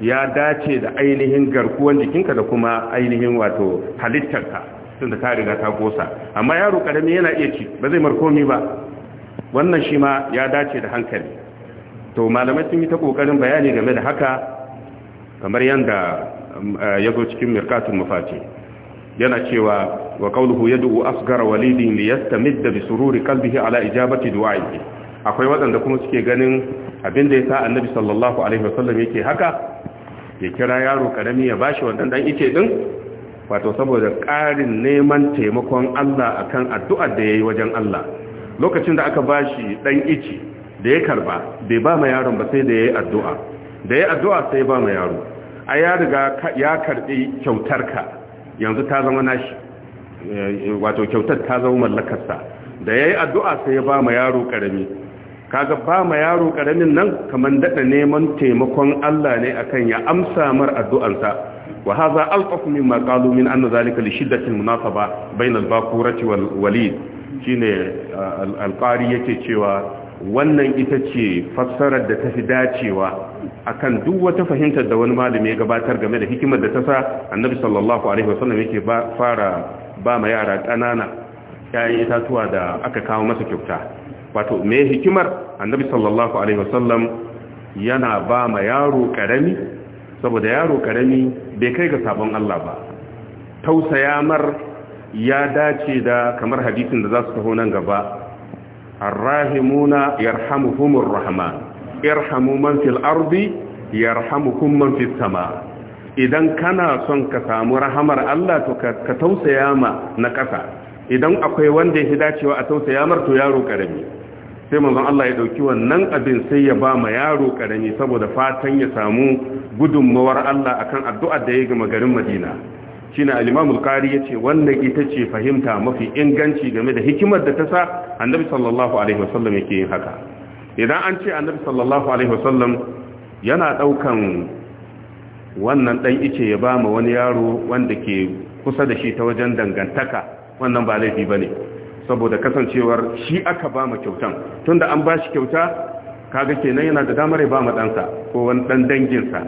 ya dace da ainihin garkuwan jikinka da kuma ainihin wato halittarka da ta riga ta kosa. amma yaro karami yana iya ci ba zai markomi ba wannan shi ma ya dace da hankali to malamai sun yi ta kokarin bayani game da haka kamar yadda um, uh, ya zo cikin mirkatun mafati yana cewa wa ya du'u asghara walidin liyastamidda bi sururi qalbihi ala ijabati du'a'ihi akwai waɗanda kuma suke ganin abinda ya sa annabi sallallahu alaihi wasallam yake haka ya kira yaro karami ya bashi wannan dan ice din wato saboda ƙarin neman taimakon Allah akan addu'ar da yayi wajen Allah lokacin da aka bashi dan ici da ya karba bai ba ma yaron ba sai da yayi addu'a da yayi addu'a sai ba ma yaro ai ya riga ya karbi kyautarka yanzu ta zama nashi eh, wato kyautar ta zama mallakarsa da yayi addu'a sai ya ba ma yaro karami kaga ba ma yaro karamin nan kaman dada neman taimakon Allah ne akan ya amsa mar addu'ansa wa hadha alqaf mimma qalu min anna zalika li shiddati almunasaba bayna albaqurati wal walid shine uh, alqari yake cewa wannan ita ce fassarar da ta fi dacewa akan duk wata fahimtar da wani malami ya gabatar game da hikimar da ta sa annabi sallallahu alaihi wasallam yake fara ba ma yara ƙanana yayin itatuwa da aka kawo masa kyauta wato me hikimar annabi sallallahu alaihi wasallam yana ba ma yaro ƙarami? saboda yaro karami bai kai ga sabon Allah ba tausaya mar ya dace da kamar hadisin da za su taho nan gaba arrahimuna yarhamuhumur rahman irhamu man fil ardi yarhamukum man fis sama idan kana son ka samu rahamar Allah to ka tausaya ma na kasa idan akwai wanda ya dacewa a tausaya mar to yaro karami sai manzon Allah ya dauki wannan abin sai ya ba ma yaro karami saboda fatan ya samu gudunmawar Allah akan addu'ar da ya ga garin Madina shine al-Imam al-Qari yace wannan ita ce fahimta mafi inganci game da hikimar da ta sa Annabi sallallahu alaihi wasallam yake yin haka idan an ce Annabi sallallahu alaihi wasallam yana daukan wannan dan ice ya ba ma wani yaro wanda ke kusa da shi ta wajen dangantaka wannan ba laifi bane saboda kasancewar shi aka ba mu kyautan tunda an ba shi kyauta kaga kenan yana da damar ya ba mu ɗansa ko wani ɗan danginsa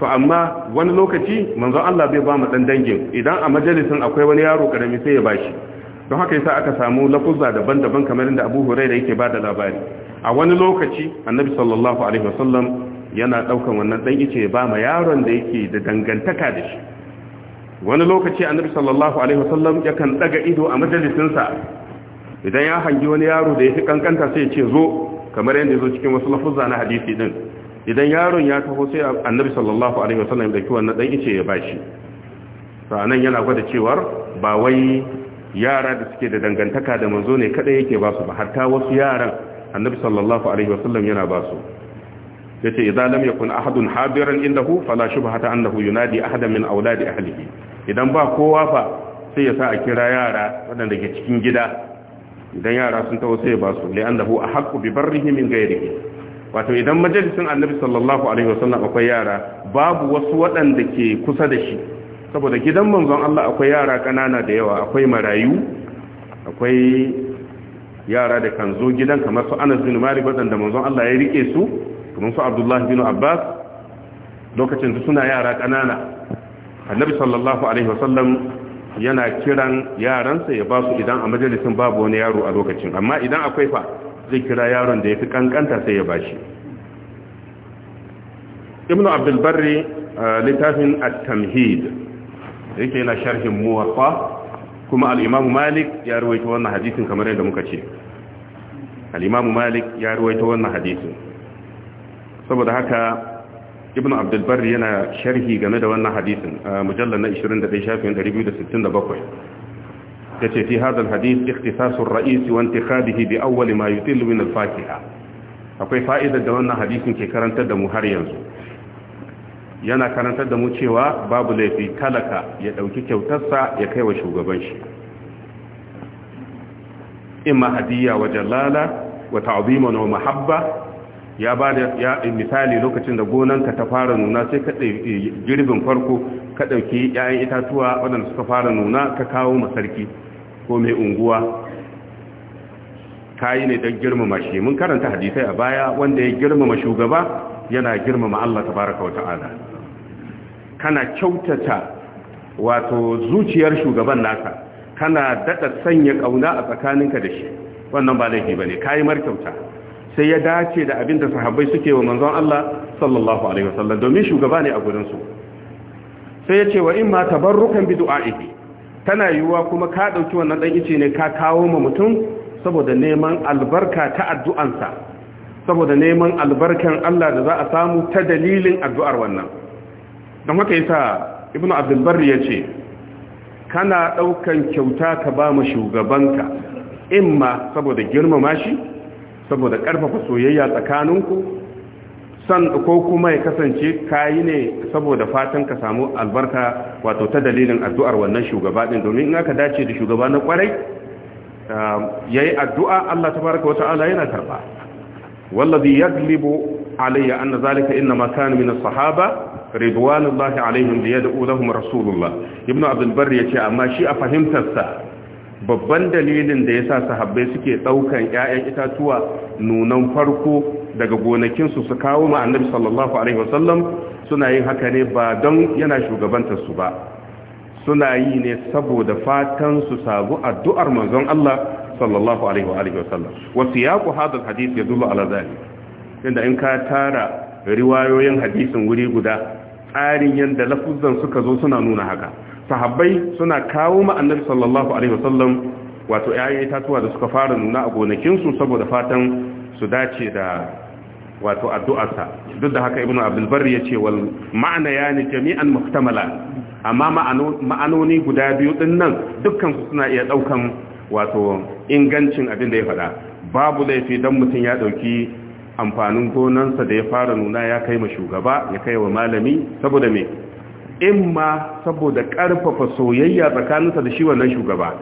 to amma wani lokaci manzo Allah bai ba mu ɗan dangin idan a majalisin akwai wani yaro karami sai ya ba shi don haka yasa aka samu lafuzza daban-daban kamar inda Abu Hurairah yake ba da labari a wani lokaci annabi sallallahu alaihi wasallam yana daukan wannan dan ice ya ba ma yaron da yake da dangantaka da shi wani lokaci annabi sallallahu alaihi wasallam yakan daga ido a sa. idan ya hangi wani yaro da ya fi kankanta sai ce zo kamar yadda zo cikin wasu lafuzza na hadisi din idan yaron ya taho sai annabi sallallahu alaihi wasallam da kiwon na dan ice ya bashi sanan yana gwada cewar ba wai yara da suke da dangantaka da manzo ne kada yake ba su ba hatta wasu yaran annabi sallallahu alaihi wasallam yana ba su yace idan lam yakun ahadun habiran indahu fala shubhata annahu yunadi ahadan min auladi ahlihi idan ba kowa fa sai ya sa a kira yara wadanda ke cikin gida idan yara sun taho sai ba su le annahu ahqqu bi barrihi min ghairihi wato idan majalisin annabi sallallahu alaihi wasallam akwai yara babu wasu waɗanda ke kusa da shi saboda gidan manzon Allah akwai yara kanana da yawa akwai marayu akwai yara da kan zo gidan kamar su Anas bin Malik waɗanda manzon Allah ya rike su kamar su Abdullah bin Abbas lokacin su suna yara kanana annabi sallallahu alaihi wasallam yana kiran yaransa ya ba su idan a majalisin babu wani yaro a lokacin amma idan akwai fa zai kira yaron da ya fi kankanta sai ya ba shi ibn abdulbarri littafin at-tamhid yake yana sharhin muwaffa kuma al-imam malik ya ruwaito wannan hadisin kamar yadda muka ce al-imam malik ya ruwaito wannan hadisin saboda haka ibn abdulbar yana sharhi game da wannan hadisin mujallar na 21 shafin 267 ya ce fi hadal hadis ikhtisasun ra'isi wa intikhadihi bi awwali ma yutillu min al akwai fa'idar da wannan hadisin ke karantar da mu har yanzu yana karantar da mu cewa babu laifi talaka ya dauki kyautarsa ya kai wa shugaban shi imma hadiyya wa jalala wa ta'zima wa mahabba ya ba da misali lokacin da gonanka ta fara nuna sai ka girbin farko ka ɗauki 'ya'yan itatuwa waɗanda suka fara nuna ka kawo sarki. ko mai unguwa yi ne don girmama shi mun karanta hadisai a baya wanda ya girmama shugaba yana girmama Allah wata wata'ala kana kyautata wato zuciyar shugaban naka kana daɗa sanya ƙauna a tsakaninka da shi wannan ba laifi ba ne kayi mar kyauta sai ya dace da abin da sahabbai suke wa manzon Allah sallallahu alaihi wasallam domin shugaba ne a gurin su sai ya ce wa imma tabarrukan bi du'a'ihi tana yiwuwa kuma ka dauki wannan dan ice ne ka kawo ma mutum saboda neman albarka ta addu'ansa saboda neman albarkan Allah da za a samu ta dalilin addu'ar wannan don haka yasa ibnu abdul barri yace kana daukan kyauta ka ba mu shugabanka imma saboda girmama shi saboda karfafa soyayya tsakaninku san ko kuma ya kasance kayi ne saboda fatan ka samu albarka wato ta dalilin addu'ar wannan shugaba din domin in aka dace da shugaba na kwarai eh, yayi addu'a Allah tabaraka wa ta'ala yana karba wallazi yaglibu alayya anna zalika inna ma kana min as-sahaba ridwanullahi alaihim liyad'u lahum rasulullah ibnu abdul barri yace amma shi a fahimtar sa babban dalilin da ya sa sahabbai suke ɗaukan 'ya'yan itatuwa nunan farko daga gonakinsu su kawo ma annabi sallallahu alaihi wasallam suna yin haka ne ba don yana shugabantar su ba suna yi ne saboda fatan su sabu addu'ar manzon Allah sallallahu alaihi wa alihi wasallam wa siyaqu hadha alhadith yadullu ala dhalik inda in ka tara riwayoyin hadisin wuri guda tsarin yadda lafuzan suka zo suna nuna haka sahabbai suna kawo ma annabi sallallahu alaihi wasallam wato ƴaƴan itatuwa da suka fara nuna a gonakinsu saboda fatan su dace da wato addu'arsa duk da haka ibnu abdul barri yace wal ma'ana yani jami'an muhtamala amma ma'anoni guda biyu din nan dukkan su suna iya daukan wato ingancin abin da ya faɗa babu laifi dan mutum ya dauki amfanin gonansa da ya fara nuna ya kai ma shugaba ya kai wa malami saboda me in ma saboda ƙarfafa soyayya tsakaninsa da shi wannan shugaba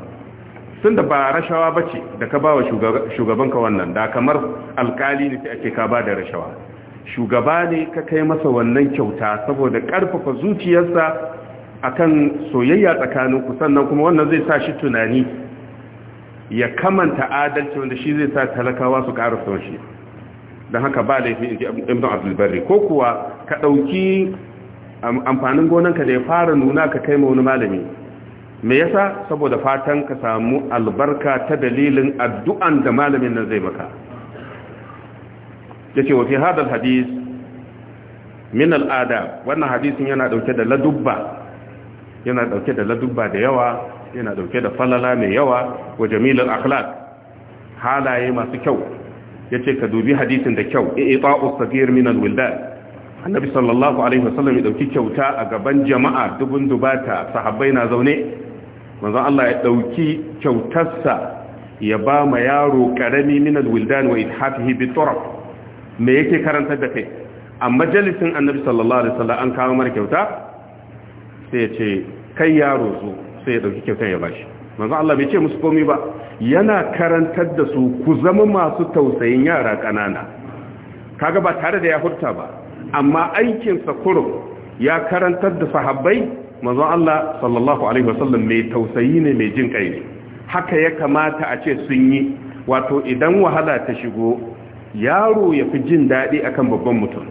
sun da ba rashawa ba ce da ka ba wa shugabanka wannan da kamar alkali ne sai ake ka ba da rashawa shugaba ne ka kai masa wannan kyauta saboda ƙarfafa zuciyarsa a kan soyayya tsakaninku sannan kuma wannan zai sa shi tunani ya kamanta adalci wanda shi zai sa talakawa su ƙara son don haka ba laifin ibn abdulbari ko kuwa ka ɗauki amfanin gonanka da ya fara nuna ka kai ma wani malami me yasa saboda fatan ka samu albarka ta dalilin addu'an da malamin nan zai maka yace wa fi hadal hadis min al'ada wannan hadisin yana dauke da ladubba yana dauke da ladubba da yawa yana dauke da falala mai yawa wa jamilul akhlaq halaye masu kyau yace ka dubi hadisin da kyau i'ta'us saghir min al-wildan annabi sallallahu alaihi wasallam ya dauki kyauta a gaban jama'a dubun dubata sahabbai na zaune manzon Allah ya dauki kyautarsa ya ba ma yaro karami min alwildan wa ithafihi bi turab me yake karantar da kai a majalisin annabi sallallahu alaihi wasallam an kawo mara kyauta sai ya ce kai yaro zo sai ya dauki kyautar ya bashi manzon Allah bai ce musu komai ba yana karantar da su ku zama masu tausayin yara kanana kaga ba tare da ya furta ba amma aikinsa kurum ya karantar da sahabbai manzon Allah sallallahu alaihi wasallam mai tausayi ne mai jin kai haka ya kamata a ce sun yi wato idan wahala ta shigo yaro ya fi jin daɗi akan babban mutum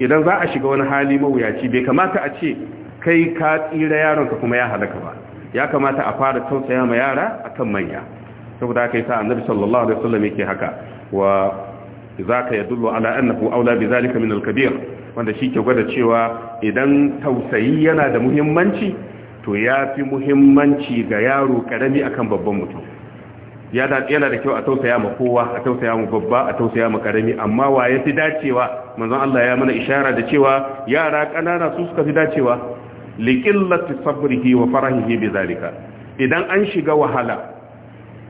idan za a shiga wani hali mawuyaci bai kamata a ce kai ka tsira yaronka kuma ya halaka ba ya kamata a fara tausaya ma yara akan manya saboda haka sa annabi sallallahu alaihi wasallam yake haka wa zaka yadullu ala annahu aula bi zalika min al-kabir wanda shi ke gwada cewa idan tausayi yana da muhimmanci to ya fi muhimmanci ga yaro karami akan babban mutum yana da kyau a tausaya ma kowa a tausaya ma babba a tausaya ma karami amma wa ya fi dacewa manzon Allah ya mana ishara da cewa yara kanana su suka fi dacewa liqillati sabrihi wa farahihi bi zalika idan an shiga wahala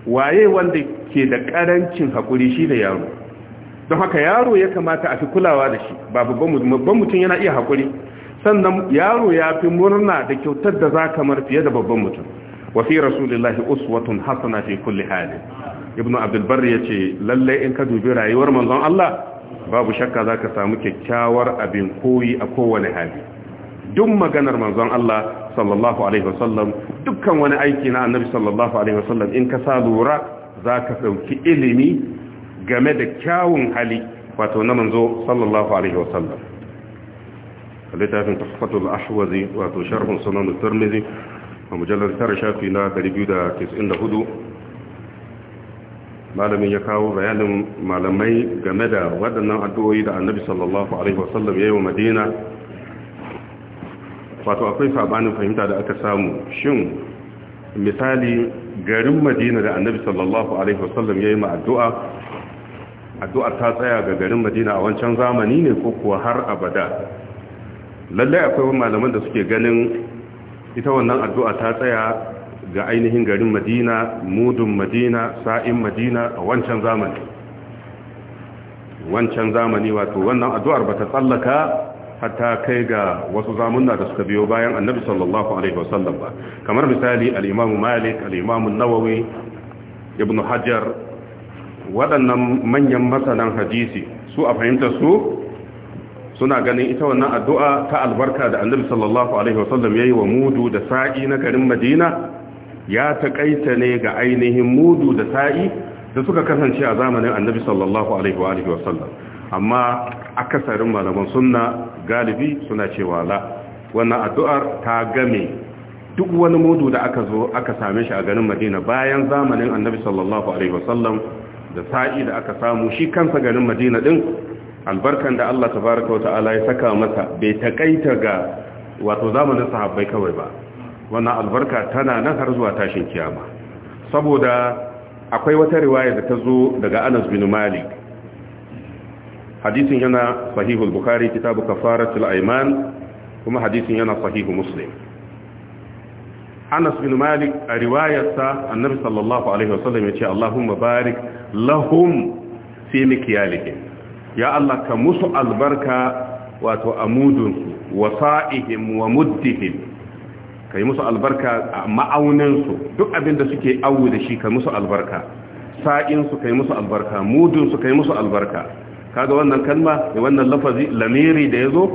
waye wanda ke da karancin hakuri shi da yaro don haka yaro ya kamata a fi kulawa da shi ba babban mutum yana iya haƙuri sannan yaro ya fi murna da kyautar da za kamar fiye da babban mutum wa fi uswatun hasana fi kulli hali ibnu abdul barri yace lalle in ka dubi rayuwar manzon Allah babu shakka zaka samu kyakkyawar abin koyi a kowane hali duk maganar manzon Allah sallallahu alaihi wasallam dukkan wani aiki na annabi sallallahu alaihi wasallam in ka sa lura zaka ɗauki ilimi game da kyawun hali wato na manzo sallallahu alaihi wasallam littafin tafafatul ashwazi wato sharhun sunan turmizi a mujallar tara shafi na 294 malamin ya kawo bayanin malamai game da waɗannan addu'o'i da annabi sallallahu alaihi wasallam ya yi wa madina wato akwai sabanin fahimta da aka samu shin misali garin madina da annabi sallallahu alaihi wasallam ya yi ma addu'a addu'ar ta tsaya ga garin madina a wancan zamani ne ko kuwa har abada lallai akwai malaman da suke ganin ita wannan addu'a ta tsaya ga ainihin garin madina mudun madina sa'in madina a wancan zamani wancan zamani wato wannan addu'ar ba ta tsallaka hatta kai ga wasu zamunna da suka biyo bayan annabi sallallahu alaihi wasallam ba kamar misali al malik al nawawi ibn hajar waɗannan manyan masanan hadisi su a fahimtar su suna ganin ita wannan addu'a ta albarka da annabi sallallahu alaihi wasallam yayi wa mudu da sa'i na garin Madina ya taƙaita ne ga ainihin mudu da sa'i da suka kasance a zamanin annabi sallallahu alaihi wasallam amma akasarin malaman sunna galibi suna cewa la wannan addu'ar ta game duk wani mudu da aka zo aka same shi a garin Madina bayan zamanin annabi sallallahu alaihi wasallam da sa'i da aka samu shi kansa garin madina din albarkan da Allah tabaraka wa ya saka masa bai takaita ga wato zamanin sahabbai kawai ba wannan albarka tana nan har zuwa tashin kiyama saboda akwai wata riwaya da ta zo daga Anas bin Malik hadisin yana sahihul bukhari kitabu kafaratul aiman kuma hadisin yana sahihu muslim anas bin malik a riwayarsa annabi sallallahu alaihi wasallam ya ce allahumma barik lahum fi mikyalihim ya allah ka musu albarka wato amudun wasa'ihim wa muddihim ka yi musu albarka a ma'auninsu duk abinda suke awu da shi ka musu albarka sa'insu ka yi musu albarka mudunsu ka yi musu albarka kaga wannan kalma da wannan lafazi lamiri da ya zo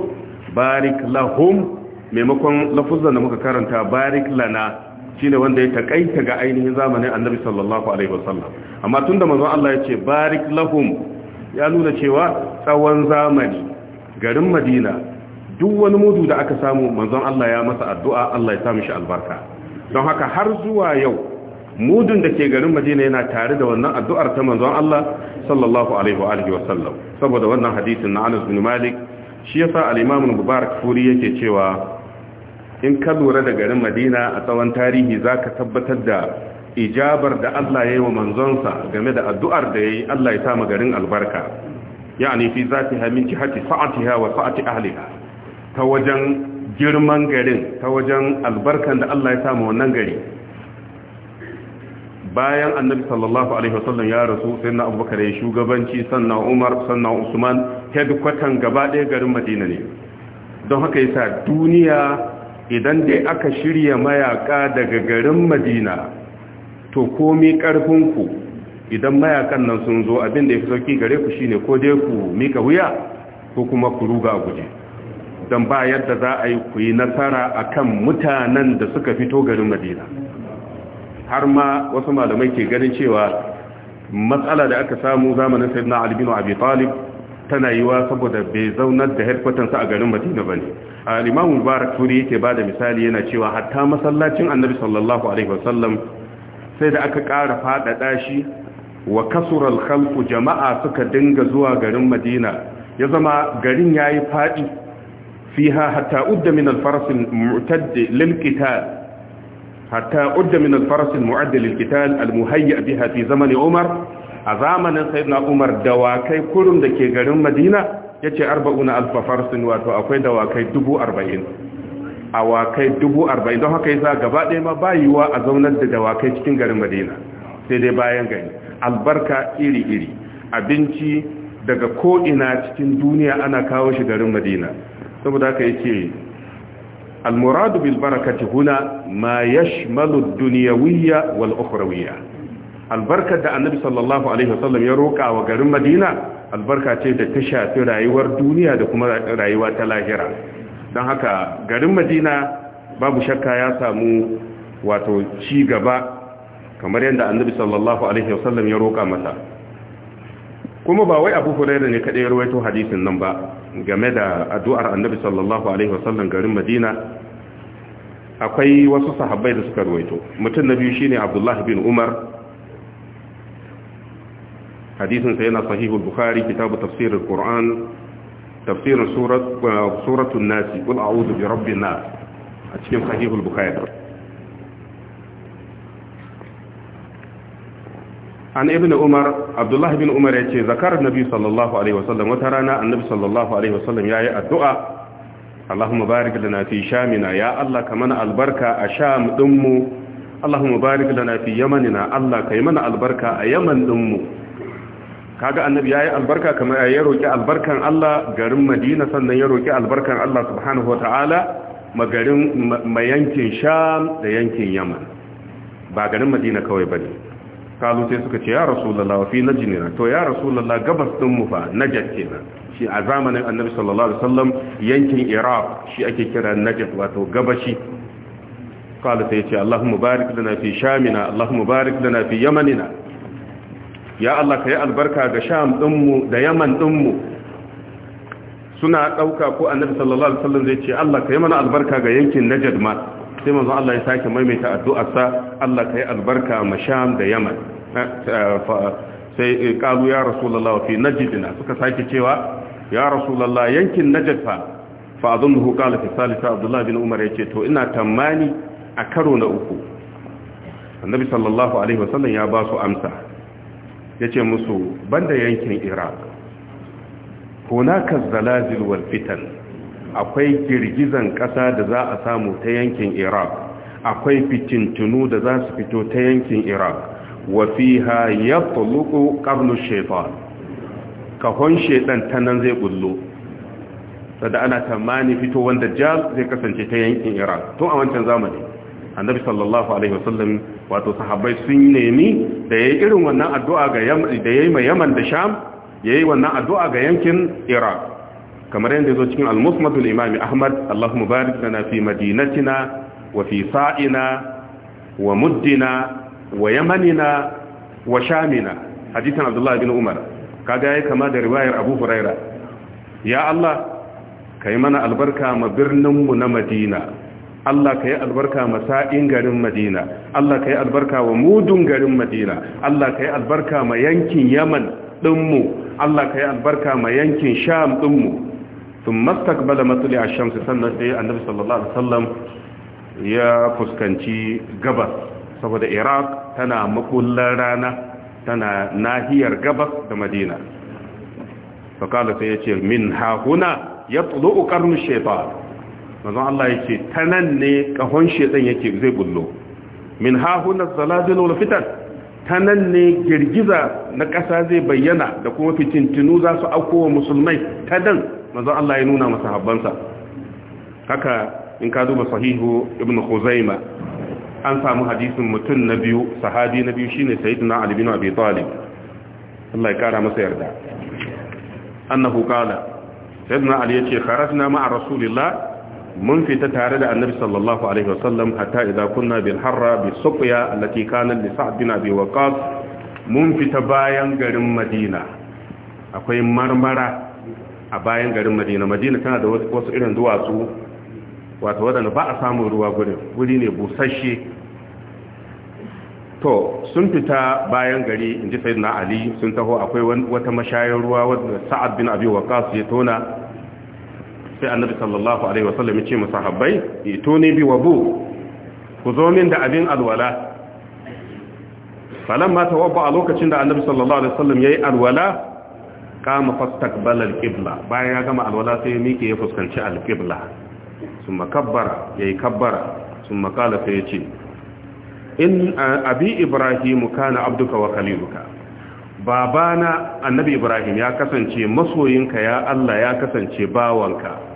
barik lahum maimakon lafuzan da muka karanta barik lana shine wanda ya takaita ga ainihin zamanin annabi sallallahu alaihi wasallam amma tunda manzo Allah ya ce barik lahum ya nuna cewa tsawon zamani garin Madina duk wani mudu da aka samu manzon Allah ya masa addu'a Allah ya samu shi albarka don haka har zuwa yau mudun da ke garin Madina yana tare da wannan addu'ar ta manzon Allah sallallahu alaihi wa alihi wasallam saboda wannan hadisin na Anas bin Malik shi yasa al-Imam Mubarak Furi yake cewa in ka lura da garin madina a tsawon tarihi za ka tabbatar da ijabar da allah ya yi wa manzonsa game da addu'ar da ya yi allah ya sami garin albarka yani fi za ta hamin cihati sa'atiha wa sa'ati ahliha ta wajen girman garin ta wajen albarkan da allah ya sama wannan gari bayan annabi sallallahu alaihi wasallam ya rasu sai na abubakar ya shugabanci sannan umar sannan usman headquarter gaba ɗaya garin madina ne don haka yasa duniya idan da aka shirya mayaka daga garin madina to komi ku idan mayakan nan sun zo abin da ya fi sauki gare ku shine ko dai ku mika wuya ko kuma ku ruga guje don ba yadda za a yi ku yi nasara a kan mutanen da suka fito garin madina har ma wasu malamai ke ganin cewa matsala da aka samu zamanin sayyidina albino abi talib tana yiwa saboda bai zaunar da headquarters a garin madina ba ne al mubarak turi yake ba da misali yana cewa hatta masallacin annabi sallallahu alaihi wasallam sai da aka ƙara faɗaɗa shi wa kasural khalqu jama'a suka dinga zuwa garin madina ya zama garin yayi faɗi fiha hatta udda min al-faras al hatta udda min al-faras al-mu'add biha fi zaman Umar a zamanin sayyidina Umar dawakai kurum ke garin Madina ya ce arba'una sun wato akwai dawakai dubu arba'in a wakai dubu arba'in don haka yasa gaba ɗaya ma ba wa a zaunar da dawakai cikin garin madina sai dai bayan gani albarka iri-iri abinci daga ko'ina cikin duniya ana kawo shi garin madina saboda haka ce almuradu bil huna ma malu dunyawiyya wal wal'ukurawiyya albarkar da annabi sallallahu alaihi wasallam ya roƙa wa garin madina albarka ce da ta shafi rayuwar duniya da kuma rayuwa ta lahira don haka garin madina babu shakka ya samu wato ci gaba kamar yadda annabi sallallahu alaihi wasallam ya roƙa masa kuma ba wai abu huraira ne kaɗai ya rawaito hadisin nan ba game da addu'ar annabi sallallahu alaihi wasallam garin madina akwai wasu sahabbai da suka rawaito mutum na biyu shine abdullahi bin umar hadisin sa yana sahihul bukhari kitabu tafsirul qur'an tafsirin suratun nasi kul a'udhu bi rabbin nas a cikin sahihul bukhari abdullahi bin umar ya ce zakar nabi sallallahu alaihi wasallam wata rana annabi sallallahu alaihi wasallam ya yi addu'a allahumma barik lana fi shamina ya allah ka mana albarka a sham dinmu allahumma barik lana fi yamanina allah yi mana albarka a yaman kaga annabi yayi albarka kamar ya roki albarkan Allah garin Madina sannan ya roki albarkan Allah subhanahu wataala magarin mayankin Sham da yankin Yaman ba garin Madina kawai bane kalu sai suka ce ya rasulullahi fi najnina to ya rasulullahi gabas din mu fa najat kenan shi a zamanin annabi sallallahu alaihi wasallam yankin Iraq shi ake kira najat wato gabashi قال سيتي اللهم بارك لنا في شامنا اللهم بارك لنا fi yamanina. ya Allah ka yi albarka ga sham ɗinmu da yaman ɗinmu suna ɗauka ko annabi sallallahu alaihi wasallam zai ce Allah ka yi mana albarka ga yankin najad ma sai manzon Allah ya sake maimaita addu'arsa Allah ka yi albarka ma sham da yaman eh, sai kalu eh, ya rasulullah fi najdina suka sake cewa ya rasulullah yankin najd fa fa azunhu qala fi salisa abdullah bin umar yace to ina tamani a karo na uku annabi sallallahu alaihi wasallam ya ba su amsa ya ce musu banda yankin iraq hunaka zalazil wal fitan akwai girgizan ƙasa da za a samu ta yankin iraq akwai fitintunu da za su fito ta yankin iraq wafiha fiha yatluqu qablu shaytan kahon shaytan tanan zai bullo sada ana tamani fito wanda jal zai kasance ta yankin iraq tun a wancan zamani annabi sallallahu alaihi wasallam wato sahabbai sun nemi da yayi irin wannan addu'a ga Yaman da yayi mai Yaman da Sham yayi wannan addu'a ga yankin Iraq kamar yadda yazo cikin al-Musnad al Ahmad Allahumma barik lana fi madinatina wa fi sa'ina wa muddina wa yamanina wa shamina hadisin Abdullah bin Umar kaga yayi kama da riwayar Abu Huraira ya Allah kai mana albarka ma birninmu na Madina Allah ka yi albarka masa'in garin Madina Allah ka yi albarka wa mudun garin Madina Allah ka yi albarka ma yankin Yaman ɗinmu Allah ka yi albarka ma yankin Sham ɗinmu sun mastaqbala matsali a shamsu sannan sai annabi sallallahu alaihi wasallam ya fuskanci gabas saboda Iraq tana makullar rana tana nahiyar gabas da Madina فقال سيأتي min ها هنا يطلع قرن الشيطان manzon Allah yake ta nan ne kahon shedan yake zai bullo min hahuna zalazil wal fitan ta nan ne girgiza na ƙasa zai bayyana da kuma fitintinu za su wa musulmai ta dan manzon Allah ya nuna masa habbansa haka in ka duba sahihu ibn khuzaima an samu hadisin mutum na biyu sahabi na biyu shine sayyidina ali bin abi talib Allah ya kara masa yarda annahu qala sayyidina ali yace kharajna ma'a rasulillah mun fita tare da annabi sallallahu alaihi wasallam hatta idza kunna bil harra bi suqya allati kana li sa'd bin abi waqas mun fita bayan garin madina akwai marmara a bayan garin madina madina tana da wasu irin duwatsu wato wadanda ba a samun ruwa gurin guri ne busasshe to sun fita bayan gari inji sayyidina ali sun taho akwai wata mashayar ruwa wanda sa'ad bin abi waqas ya tona sai annabi sallallahu alaihi wasallam ya ce musahabbai ituni bi wabu ku zo min da abin alwala falamma tawabba a lokacin da annabi sallallahu alaihi wasallam yayi alwala kama fastaqbala alqibla bayan ya gama alwala sai ya miƙe ya fuskanci alqibla summa kabbara yayi kabbara summa qala sai ya ce in abi ibrahim kana abduka wa khaliluka babana annabi ibrahim ya kasance masoyinka ya Allah ya kasance bawanka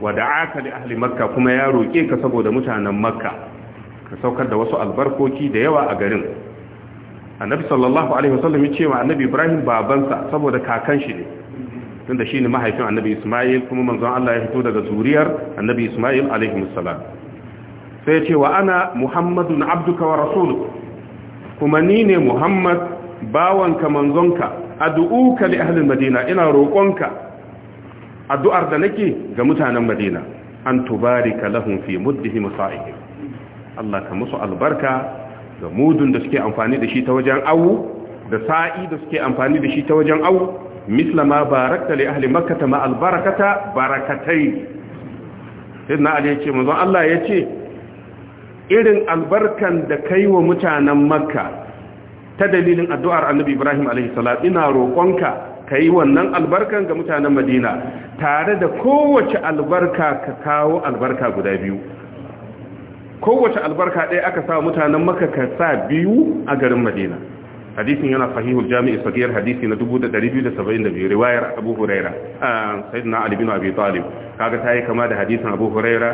wa aka li ahli makka kuma ya roke ka saboda mutanen makka ka saukar da wasu albarkoki da yawa a garin annabi sallallahu alaihi wasallam ya ce wa annabi ibrahim babansa saboda kakan shi ne tunda shi ne mahaifin annabi isma'il kuma manzon Allah ya fito daga zuriyar annabi isma'il alaihi wassalam sai ya ce wa ana muhammadun abduka wa rasuluk kuma ni ne muhammad bawanka manzonka ad'uka li ahli madina ina roƙonka addu'ar da nake ga mutanen madina an tubarika lahun fi muddihim sa'ihim Allah ka musu albarka ga mudun da suke amfani da shi ta wajen awu da sa'i da suke amfani da shi ta wajen awu misla ma barakta li ahli makata ma albarakata barakatai Sai na ali ce mazan Allah ya ce irin albarkan da kai wa mutanen makka ta dalilin addu'ar annabi ibrahim alaihi salam ina roƙonka ka yi wannan albarkan ga mutanen madina tare da kowace albarka ka kawo albarka guda biyu kowace albarka ɗaya aka sa mutanen maka ka sa biyu a garin madina hadisin yana fahimul jami'in sagiyar hadisi na 2272 riwayar abu huraira sayyidina ali bin abu talib kaga yi kama da hadisin abu huraira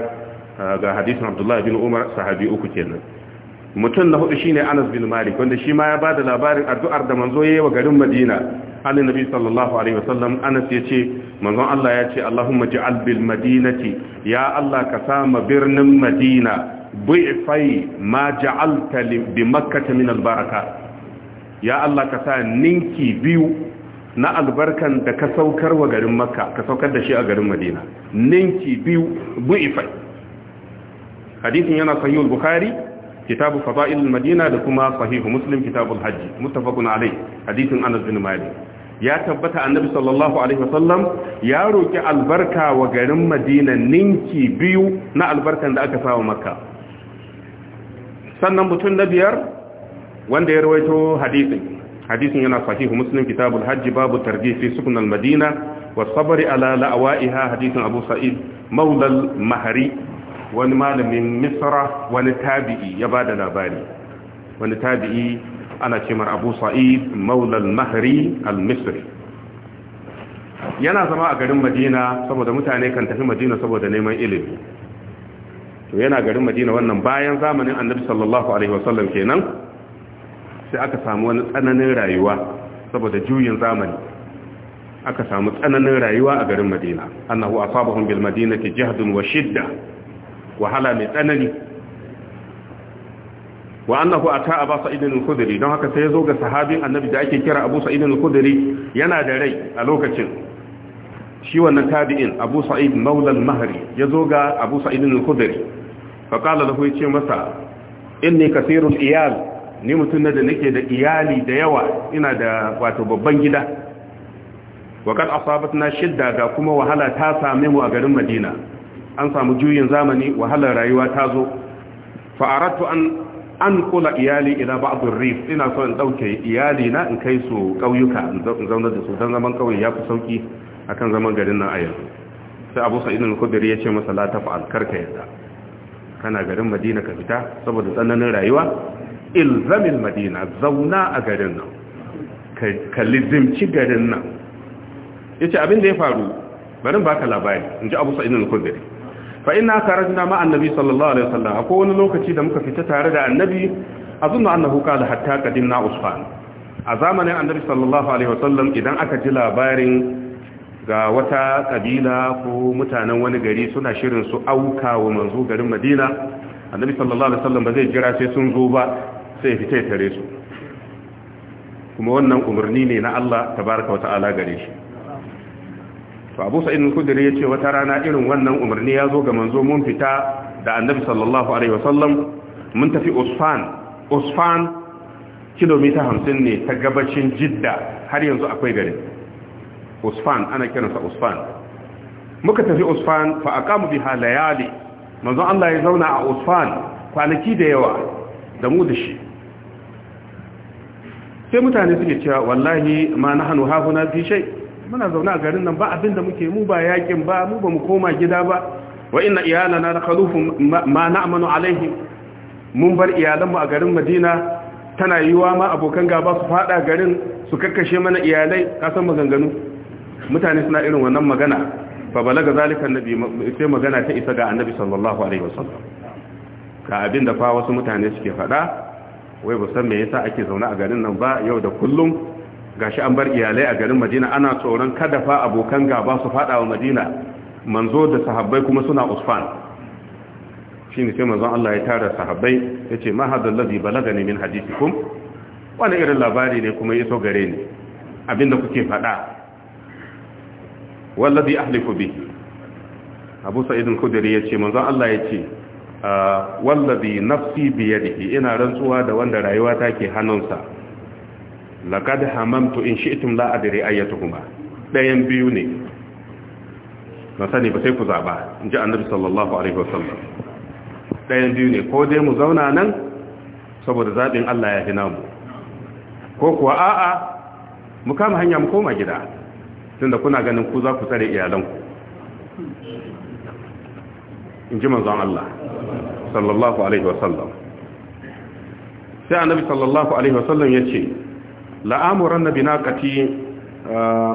ga hadisin abdullahi bin umar sahabi uku kenan mutum na hudu shine anas bin malik wanda shi ma ya ba da labarin addu'ar da manzo yayi wa garin madina عن النبي ce, الله Allah ya ce يتي من ظن الله يتي اللهم اجعل بالمدينة يا الله كسام ma مدينة bi ما جعلت بمكة من Ya Allah ka sa ننكي biyu na albarkan da ka saukar wa garin makka ka saukar da shi a garin madina ninki biyu bu'ifai Hadithin yana sahihul bukhari kitabu fada'il da kuma sahihu muslim kitabul hajji muttafaqun alayh hadithun anas bin ya tabbata annabi sallallahu alaihi wasallam ya roki albarka wa garin madina ninki biyu na albarkan da aka sawa makka sannan mutum na biyar wanda ya rawaito hadisin hadisin yana sahihu muslim kitabul hajji babu tarjih fi sukun al-madina wa sabri ala la'wa'iha hadisin abu sa'id maula al-mahri wani malamin misra wani tabi'i ya bada labari wani tabi'i ana ce mar abu sa'id maulal mahri al yana zama a garin madina saboda mutane kan tafi madina saboda neman ilimi to yana garin madina wannan bayan zamanin annabi sallallahu alaihi wasallam kenan sai aka samu wani tsananin rayuwa saboda juyin zamani aka samu tsananin rayuwa a garin madina annahu asabahum bil madinati jahdun wa shidda wahala mai tsanani wa annahu ata abu sa'id al-khudri don haka sai zo ga sahabin annabi da ake kira abu sa'id al-khudri yana da rai a lokacin shi wannan tabi'in abu sa'id maula al-mahri zo ga abu sa'id al-khudri fa qala lahu yace masa inni kathirul iyal ni mutun da nake da iyali da yawa ina da wato babban gida wa kad asabatna shidda ga kuma wahala ta same mu a garin madina an samu juyin zamani wahalar rayuwa ta zo fa aradtu an an kula iyali ila ba ar-rif ina so in dauke iyali na in kai su kauyuka in zauna da su dan zaman kauye fi sauki akan zaman garin nan a yanzu sai Abu Sa'id al-Khudri ya ce masa la tafa'al karka yadda kana garin Madina ka fita saboda tsananin rayuwa ilzamil Madina zauna a garin nan ka lizimci garin nan yace abin da ya faru bari baka labari in ji Abu Sa'id al fa inna karajna ma annabi sallallahu alaihi wasallam akwai wani lokaci da muka fita tare da annabi azunna annahu qala hatta qadimna usfan a zamanin annabi sallallahu alaihi wasallam idan aka ji labarin ga wata kabila ko mutanen wani gari suna shirin su auka wa manzo garin Madina annabi sallallahu alaihi wasallam ba zai jira sai sun zo ba sai fita tare su kuma wannan umarni ne na Allah tabaraka wa ta'ala gare shi to abu sa'id al ya yace wata rana irin wannan umarni ya zo ga manzo mun fita da annabi sallallahu alaihi wasallam mun tafi usfan usfan kilomita hamsin ne ta gabacin jidda har yanzu akwai gari usfan ana kiransa usfan muka tafi usfan fa aqamu biha layali manzo Allah ya zauna a usfan kwanaki da yawa da mu da shi sai mutane suke cewa wallahi ma nahnu hahuna fi shay' muna zaune a garin nan ba abin da muke mu ba yakin ba mu ba mu koma gida ba wa inna iyalana la khalufu ma na'manu Alayhi mun bar iyalanmu a garin Madina tana yiwa ma abokan gaba su fada garin su kakkashe mana iyalai kasan maganganu mutane suna irin wannan magana fa balaga zalika annabi sai magana ta isa ga annabi sallallahu alaihi wasallam ka abin da fa wasu mutane suke fada wai ba san me yasa ake zaune a garin nan ba yau da kullum gashi an bar iyalai a garin madina ana tsoron kada fa abokan gaba su fada wa madina manzo da sahabbai kuma suna usfan shine sai manzon Allah ya tara sahabbai yace ma hadal ladhi balagani min hadithikum wani irin labari ne kuma yaso gare ni abinda kuke fada wallazi ahliku bi. abu sa'id al-khudri yace manzon Allah yace ah, wallazi nafsi yadihi ina rantsuwa da wanda rayuwa take hannunsa laqad hamamtu in shi'tum la adri ayyatuhuma dayan biyu ne Na sani ba sai ku zaba ji annabi sallallahu alaihi wasallam dayan biyu ne ko dai mu zauna nan saboda zabin Allah ya fi namu ko kuwa a'a mu kama hanya mu koma gida tunda kuna ganin ku za ku tsare iyalanku ji manzon Allah sallallahu alaihi wasallam sai annabi sallallahu alaihi wasallam yace la'amuran na binakati uh,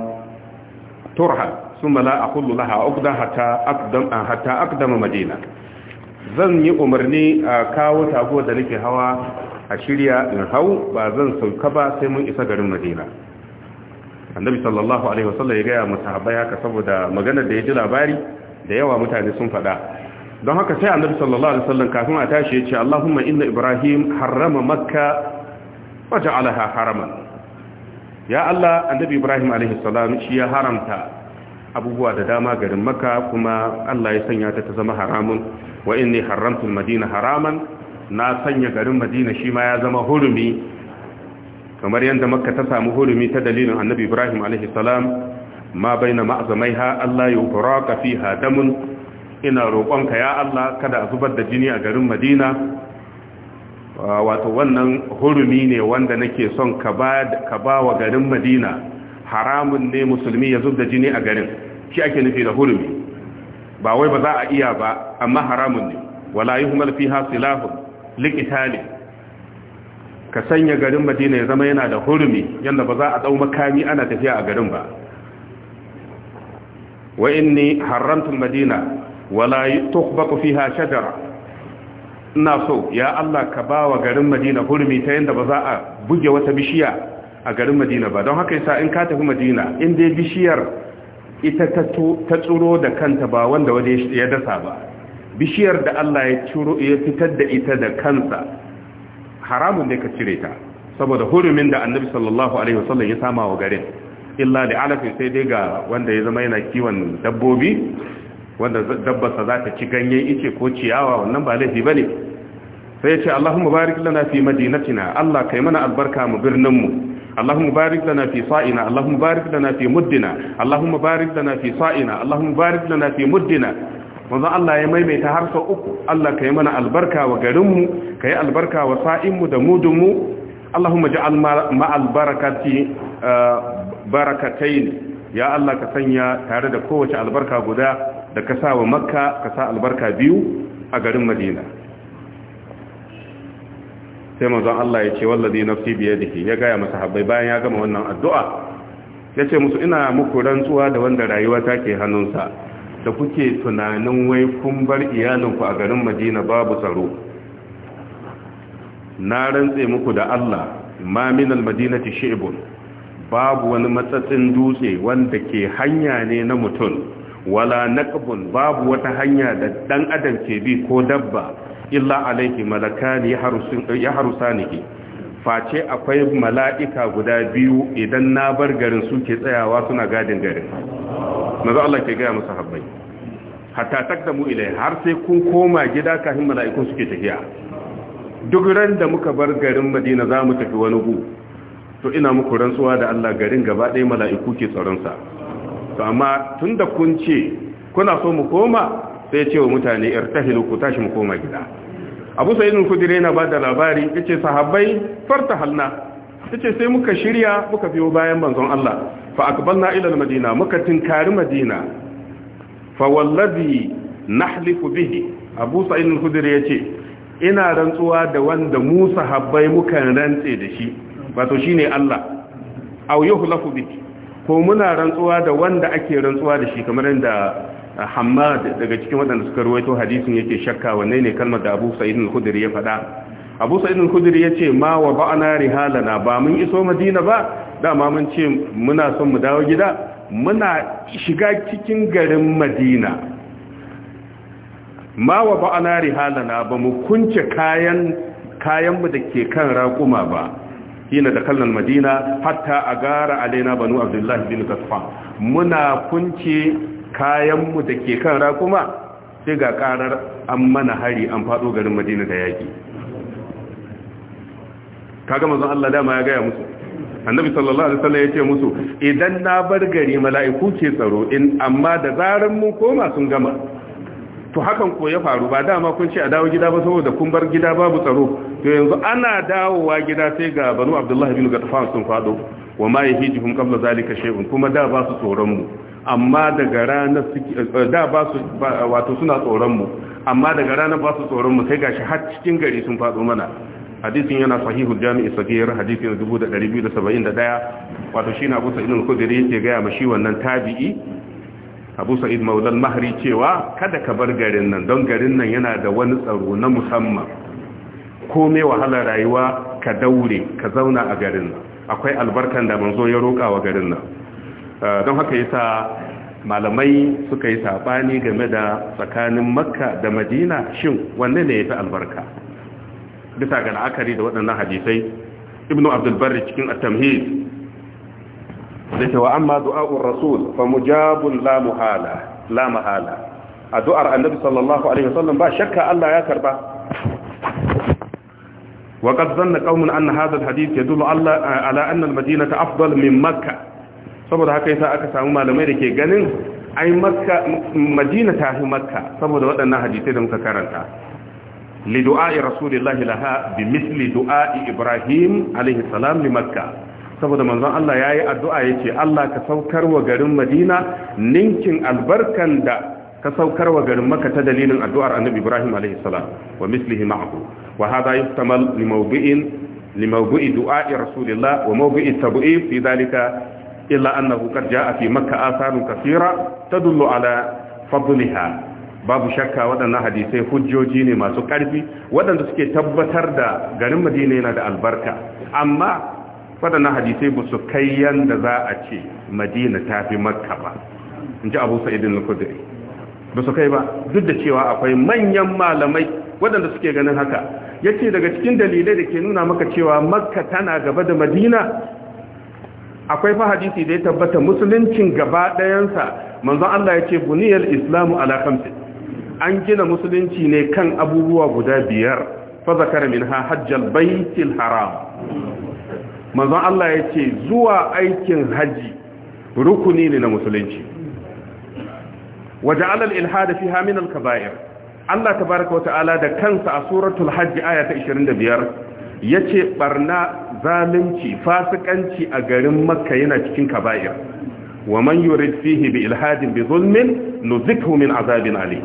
turha sun mala a kullu laha ukda hatta akdama uh, madina zan yi umarni a kawo tago da nake hawa a shirya in hau ba zan sauka ba sai mun isa garin madina annabi sallallahu alaihi wasallam ya gaya masahabai haka saboda maganar da ya ji labari da yawa mutane sun faɗa don haka sai annabi sallallahu alaihi wasallam kafin a tashi ya ce Allahumma inna Ibrahim harrama makka waja'alaha haraman ya Allah annabi Ibrahim alaihi salam shi ya haramta abubuwa da dama garin Makka kuma Allah ya sanya ta ta zama haramun wa inni haramtu al-Madina haraman na sanya garin Madina shi ma ya zama hurumi kamar yanda Makka ta samu hurumi ta dalilin annabi Ibrahim alaihi salam ma baina ma'zamaiha Allah yubraka fiha damun ina roƙonka ya Allah kada a zubar da jini a garin Madina Ah, wato wannan hurumi ne wanda nake son ka ba wa garin madina haramun ne musulmi ya zub da jini a garin shi ake nufi da hurumi ba wai ba za a iya ba amma haramun ne wala yi humar fi hasilahun likitali ka sanya garin madina ya zama yana da hurumi yadda ba za a dau makami ana tafiya a garin ba wa inni haramtun madina wala yi fi ha shajara ina so ya Allah ka ba wa garin madina hurumi ta yadda ba za a buge wata bishiya a garin madina ba don haka yasa in ka tafi madina in dai bishiyar ita ta tsuro da kanta ba wanda wani ya dasa ba bishiyar da Allah ya ciro ya fitar da ita da kansa haramun ne ka cire ta saboda hurumin da annabi sallallahu alaihi wasallam ya sama wa garin illa da alafin sai dai ga wanda ya zama yana kiwon dabbobi wanda dabbasa za ta ci ganyen ice ko ciyawa wannan ba laifi ba ne sai ya ce allahumma barik lana fi madinatina allah kai mana albarka mu birninmu اللهم بارك لنا fi sa'ina. اللهم بارك لنا fi muddina. اللهم بارك لنا fi sa'ina. اللهم بارك لنا fi muddina. manzo Allah ya maimaita har sau uku Allah kai mana albarka wa garinmu kai albarka wa sa'inmu da mudunmu Allahumma ja'al ma albarakati eh, barakatayn ya Allah ka sanya tare da kowace albarka guda da ka sa wa makka ka sa albarka biyu a garin madina sai mazan Allah ya ce wallazi nafsi biyadihi ya gaya masa habbai bayan ya gama wannan addu'a ya ce musu ina muku rantsuwa da wanda rayuwa ta ke hannunsa da kuke tunanin wai kun bar iyalinku a garin madina babu tsaro na rantse muku da Allah ma min almadinati shi'bun babu wani matsatsin dutse wanda ke hanya ne na mutum wala naqbun babu wata hanya da dan adam ke bi ko dabba illa alaihi malakani ya yaharusaniki face akwai mala'ika guda biyu idan na bar garin suke tsayawa suna gadin garin maza Allah ke gaya musu habbai hatta takdamu ilai har sai kun koma gida kafin mala'ikun suke tafiya duk ran da muka bar garin madina za mu tafi wani gu to ina muku rantsuwa da Allah garin gaba ɗaya mala'iku ke tsaron sa. to amma da kun ce kuna so mu koma sai ce wa mutane irtahilu ku tashi mu koma gida abu sa'idun kudire yana ba da labari yace sahabbai farta halna ce sai muka shirya muka biyo bayan manzon Allah fa aqbalna ila madina muka tinkari madina fa wallazi nahlifu bihi abu sa'idun kudire yace ina rantsuwa da wanda mu sahabbai muka rantse da shi wato shine Allah aw yuhlafu bihi ko muna rantsuwa da wanda ake rantsuwa da shi kamar yadda uh, hamad daga cikin waɗanda suka ruwaito hadisin yake shakka wanne ne kalmar da abu sa'id al-khudri ya faɗa abu sa'id al-khudri yace ma wa ba'ana rihalana ba mun iso madina ba dama mun ce muna son mu dawo gida muna shiga cikin garin madina ma wa ba'ana rihalana ba mu kunce kayan kayan mu da ke kan raƙuma ba hina da kallon madina hatta a gara alaina banu abdullahi bin kasfan muna kunce kayanmu da ke kan rakuma sai ga karar an mana hari an faɗo garin madina da yaƙi kaga mazan allah dama ya gaya musu annabi sallallahu alaihi wasallam yace musu idan na bar gari mala'iku ke tsaro in amma da zaran mun koma sun gama to hakan ko ya faru ba dama kun ce a dawo gida ba saboda kun bar gida babu tsaro to yanzu ana dawowa gida sai ga banu abdullahi bin gatafan sun fado wa ma yahijihum qabla zalika shay'un kuma da ba su tsoron mu amma daga ranar eh, da ba su wato suna tsoron mu amma daga ranar ba su tsoron mu sai gashi har cikin gari sun fado mana hadisin yana sahihu jami'i sagir hadisin 2271 wato shine Abu Sa'id al-Khudri yake ga ya mashi wannan tabi'i abu sa'id maulan mahri cewa kada ka bar garin nan don garin nan yana da wani tsaro na musamman komai wahalar rayuwa ka daure ka zauna a garin nan akwai albarkan da manzo ya roƙa wa garin nan uh, don haka yasa malamai suka yi sabani game da tsakanin makka da madina shin wanne ne fi albarka bisa ga la'akari da waɗannan hadisai ibnu abdul cikin at-tamhid da wa amma du'a'ur rasul fa mujabun la muhala la mahala addu'ar annabi sallallahu alaihi wasallam ba shakka Allah ya karba wa qad zanna qaumun anna hadha alhadith yadullu ala anna almadinata afdal min makkah saboda haka yasa aka samu malamai da ke ganin ai makka madina ta fi makka saboda waɗannan hadisai da muka karanta li du'a'i rasulillahi laha bi misli du'a'i ibrahim alaihi salam li makkah saboda manzon Allah ya yi addu'a ya ce Allah ka saukar wa garin madina ninkin albarkan da ka saukar wa garin maka ta dalilin addu'ar annabi ibrahim alaihissalam wa mislihi ma'ahu wa hada yi tamal limaubu'i du'a'i rasulillah wa maubu'i tabu'i fi dalika illa annahu qad ja'a fi makka asarun kasira tadullu ala fadliha babu shakka waɗannan hadisai hujjoji ne masu ƙarfi waɗanda suke tabbatar da garin madina yana da albarka amma waɗannan hadisai ba su kai yanda za a ce madina ta fi makka ba in ji abu sa'idin lukudiri ba su kai ba duk da cewa akwai manyan malamai waɗanda suke ganin haka ya ce daga cikin dalilai da ke nuna maka cewa makka tana gaba da madina akwai fa hadisi da ya tabbata musuluncin gaba ɗayansa manzon allah ya ce buniyar islamu ala an gina musulunci ne kan abubuwa guda biyar fa zakara min ha hajjal baitil haram manzon Allah ya ce zuwa aikin haji rukuni ne na musulunci waje alal ilhada fi hamin al Allah Allah tabaraka wa ta'ala da kansa a suratul hajji aya ta 25 yace barna zalunci fasikanci a garin makka yana cikin kaba'ir wa man yurid fihi bi ilhadin bi zulmin nuzikhu min azabin ala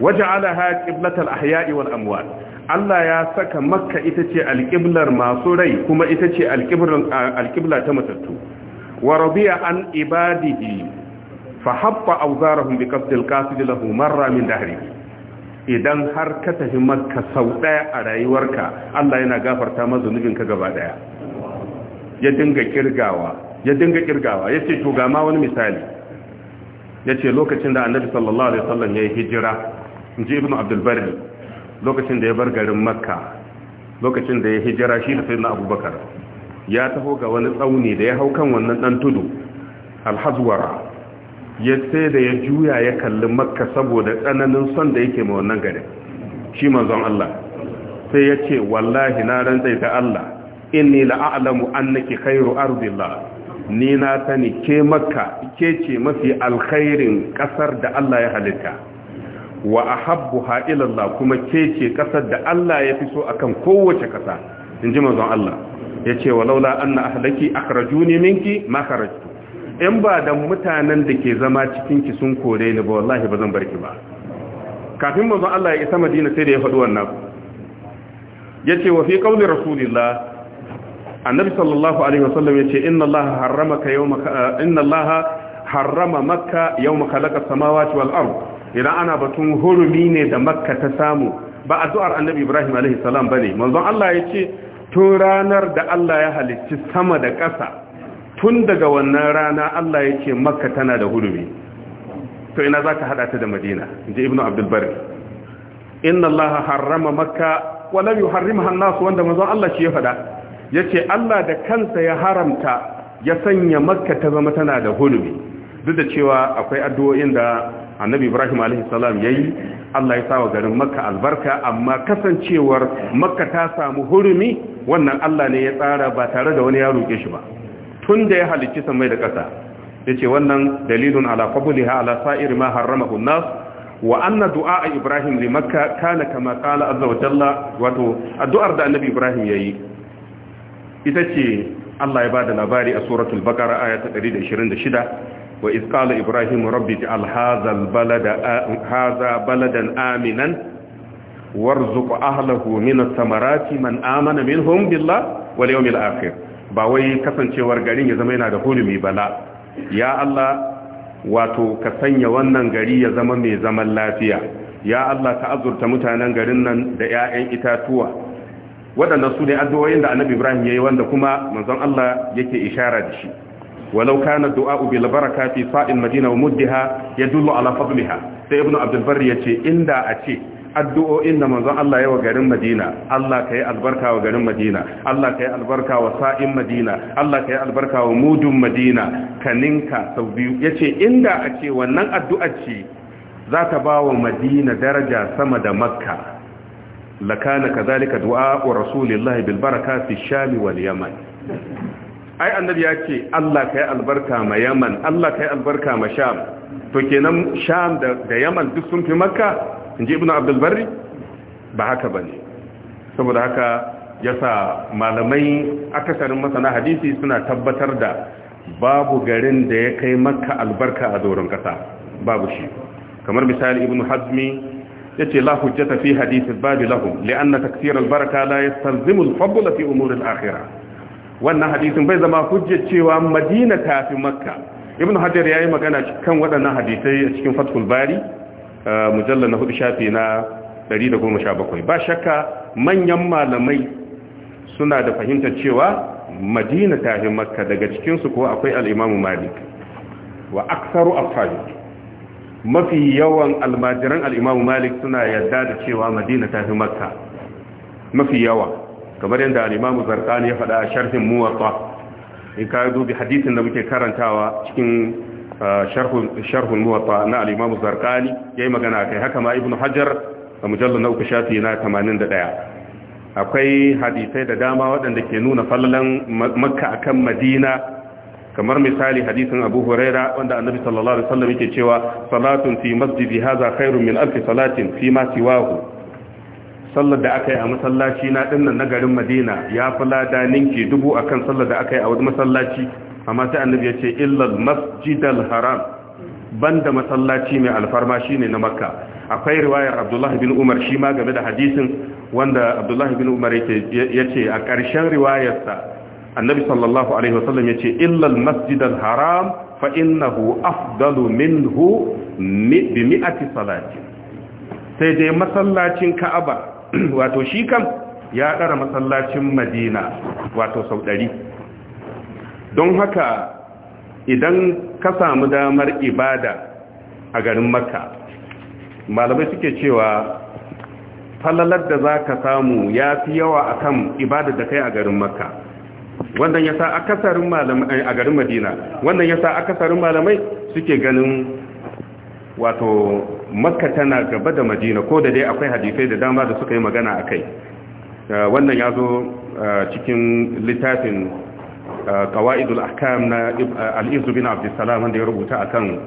waja'alaha qiblatal ahya'i wal amwat Allah ya saka makka ita ce alƙiblar masu rai kuma ita ce alƙibla ta matattu wa an ibadihi fa habba auzarahum bi qasdil qasid lahu marra min dahri idan har ka tafi makka sau daya a rayuwarka Allah yana gafarta ma ka gaba daya
ya dinga kirgawa ya dinga kirgawa
yace to ga ma wani misali yace lokacin da Annabi sallallahu alaihi wasallam yayi hijira inji ibnu Abdul Barri lokacin da ya bar garin makka lokacin da ya hijira shi da sayyidina abubakar ya taho ga wani tsauni da ya hau kan wannan dan tudu alhazwara ya sai da ya juya ya kalli makka saboda tsananin son da yake ma wannan garin shi manzon Allah sai ya ce wallahi na rantsai da Allah inni la'alamu annaki khairu ardillah ni na sani ke makka ke ce mafi alkhairin kasar da Allah ya halitta wa ahabbuha ila Allah kuma ke ce kasar da Allah ya fi so akan kowace kasa inji manzon Allah yace walaula anna ahlaki akhrajuni minki ma kharajtu in ba da mutanen da ke zama cikin ki sun kore ni ba wallahi bazan barki ba kafin manzon Allah ya isa Madina sai da ya faɗi wannan yace wa fi qawli rasulillah annabi sallallahu alaihi wasallam yace inna allaha harramaka yawma inna allaha harrama makka yawma khalaqa samawati wal ard idan ana batun hurumi ne da makka ta samu ba addu'ar annabi ibrahim alaihi salam bane manzon Allah ya ce tun ranar da Allah ya halicci sama da ƙasa tun daga wannan rana Allah ya ce makka tana da hurumi to ina zaka hada ta da madina inji ibnu abdul bar inna allaha harrama makka wa lam yuharrimha an-nas wanda manzon Allah shi ya fada yace Allah da kansa ya haramta ya sanya makka ta zama tana da hurumi duk da cewa akwai addu'o'in da annabi ibrahim alaihi salam yayi Allah ya sawa garin makka albarka amma kasancewar makka ta samu hurumi wannan Allah ne ya tsara ba tare da wani ya roke shi ba tun da ya halicci samai da ƙasa yace wannan dalilun ala qabliha ala sa'ir ma harramahu an wa anna du'a ibrahim li makka kana kama tsala azza wato addu'ar da annabi ibrahim yi. ita ce Allah ya ba da labari a suratul baqara aya ta 126 wa Iskal ibrahim rabbi ij'al hadha baladan aminan warzuku ahlahu min Samarati man amana minhum billah wal yawmil akhir ba wai kasancewar garin ya zama yana da hulumi bala ya Allah wato ka sanya wannan gari ya zama mai zaman lafiya ya Allah ka azurta mutanen garin nan da 'ya'yan itatuwa waɗannan su ne addu'o'in da annabi ibrahim ya yi wanda kuma manzon Allah yake ishara da shi ولو كان الدعاء بالبركة في صاع المدينة ومدها يدل على فضلها سيبن عبد البر يتي إن دا أتي addu'o inna manzo Allah yayi wa garin Madina Allah ka yi albarka wa garin Madina Allah ka yi albarka wa sa'in Madina Allah ka yi albarka wa mudun Madina kaninka sau biyu yace inda a ce wannan addu'a ce za ta ba wa Madina daraja sama da Makka lakana kazalika du'a wa rasulillahi bil baraka fi shami wal yaman ai annabi ya ce Allah yi albarka ma Yaman Allah kai albarka ma Sham to kenan Sham da Yaman duk sun fi Makka inji Ibn Abdul Barri ba haka ba ne saboda haka yasa malamai akasarin masana hadisi suna tabbatar da babu garin da ya kai Makka albarka a doron kasa babu shi kamar misali Ibn Hazmi yace la hujjata fi hadisi babu lahu li'anna taksirar baraka la yastalzimu fadl fi umur al-akhirah wannan hadisin bai zama hujjar cewa madina ta fi makka ibn hajar ya yi magana kan waɗannan hadisai a cikin fathul bari mujallar na hudu shafi na 117 ba shakka manyan malamai suna da fahimtar cewa madina ta fi makka daga cikinsu ko akwai al'imamu malik wa aksaru afali mafi yawan almajiran al'imamu malik suna yadda da cewa madina ta fi makka mafi yawa kamar yadda al zarqani ya faɗa a sharhin muwatta in ka dubi hadisin da muke karantawa cikin uh, sharhun muwatta na al-imamu ya yayi magana kai haka ma ibnu hajar a mujallar na uku shafi na 81 akwai hadisai da dama waɗanda ke nuna fallalan makka akan madina kamar misali hadisin abu huraira wanda annabi sallallahu alaihi wasallam yake cewa salatun fi masjidi hadha khairun min alf salatin fi ma siwahu sallar da aka yi a masallaci na dinnan na garin madina ya fi lada ninki dubu akan sallar da aka yi a wani masallaci amma sai annabi ya ce illal masjidal haram banda masallaci mai alfarma ne na makka akwai riwayar abdullahi bin umar shi ma game da hadisin wanda abdullahi bin umar ya ce a ƙarshen riwayarsa annabi sallallahu alaihi wasallam ya ce illal masjidal haram fa innahu afdalu minhu bi mi'ati salati sai dai masallacin ka'aba wato shi kam ya ɗara masallacin madina wato sau ɗari don haka idan ka samu damar ibada a garin makka malamai suke cewa falalar da za ka samu ya fi yawa a kan ibada da kai a garin makka wannan ya sa a garin madina wannan ya sa akasarin malamai suke ganin wato makka tana gaba da madina ko da dai akwai hadisai da dama da suka yi magana a kai uh, wannan ya zo uh, cikin littafin kawa'idul uh, ahkam na al'izu bin abdulsalam wanda ya rubuta a kan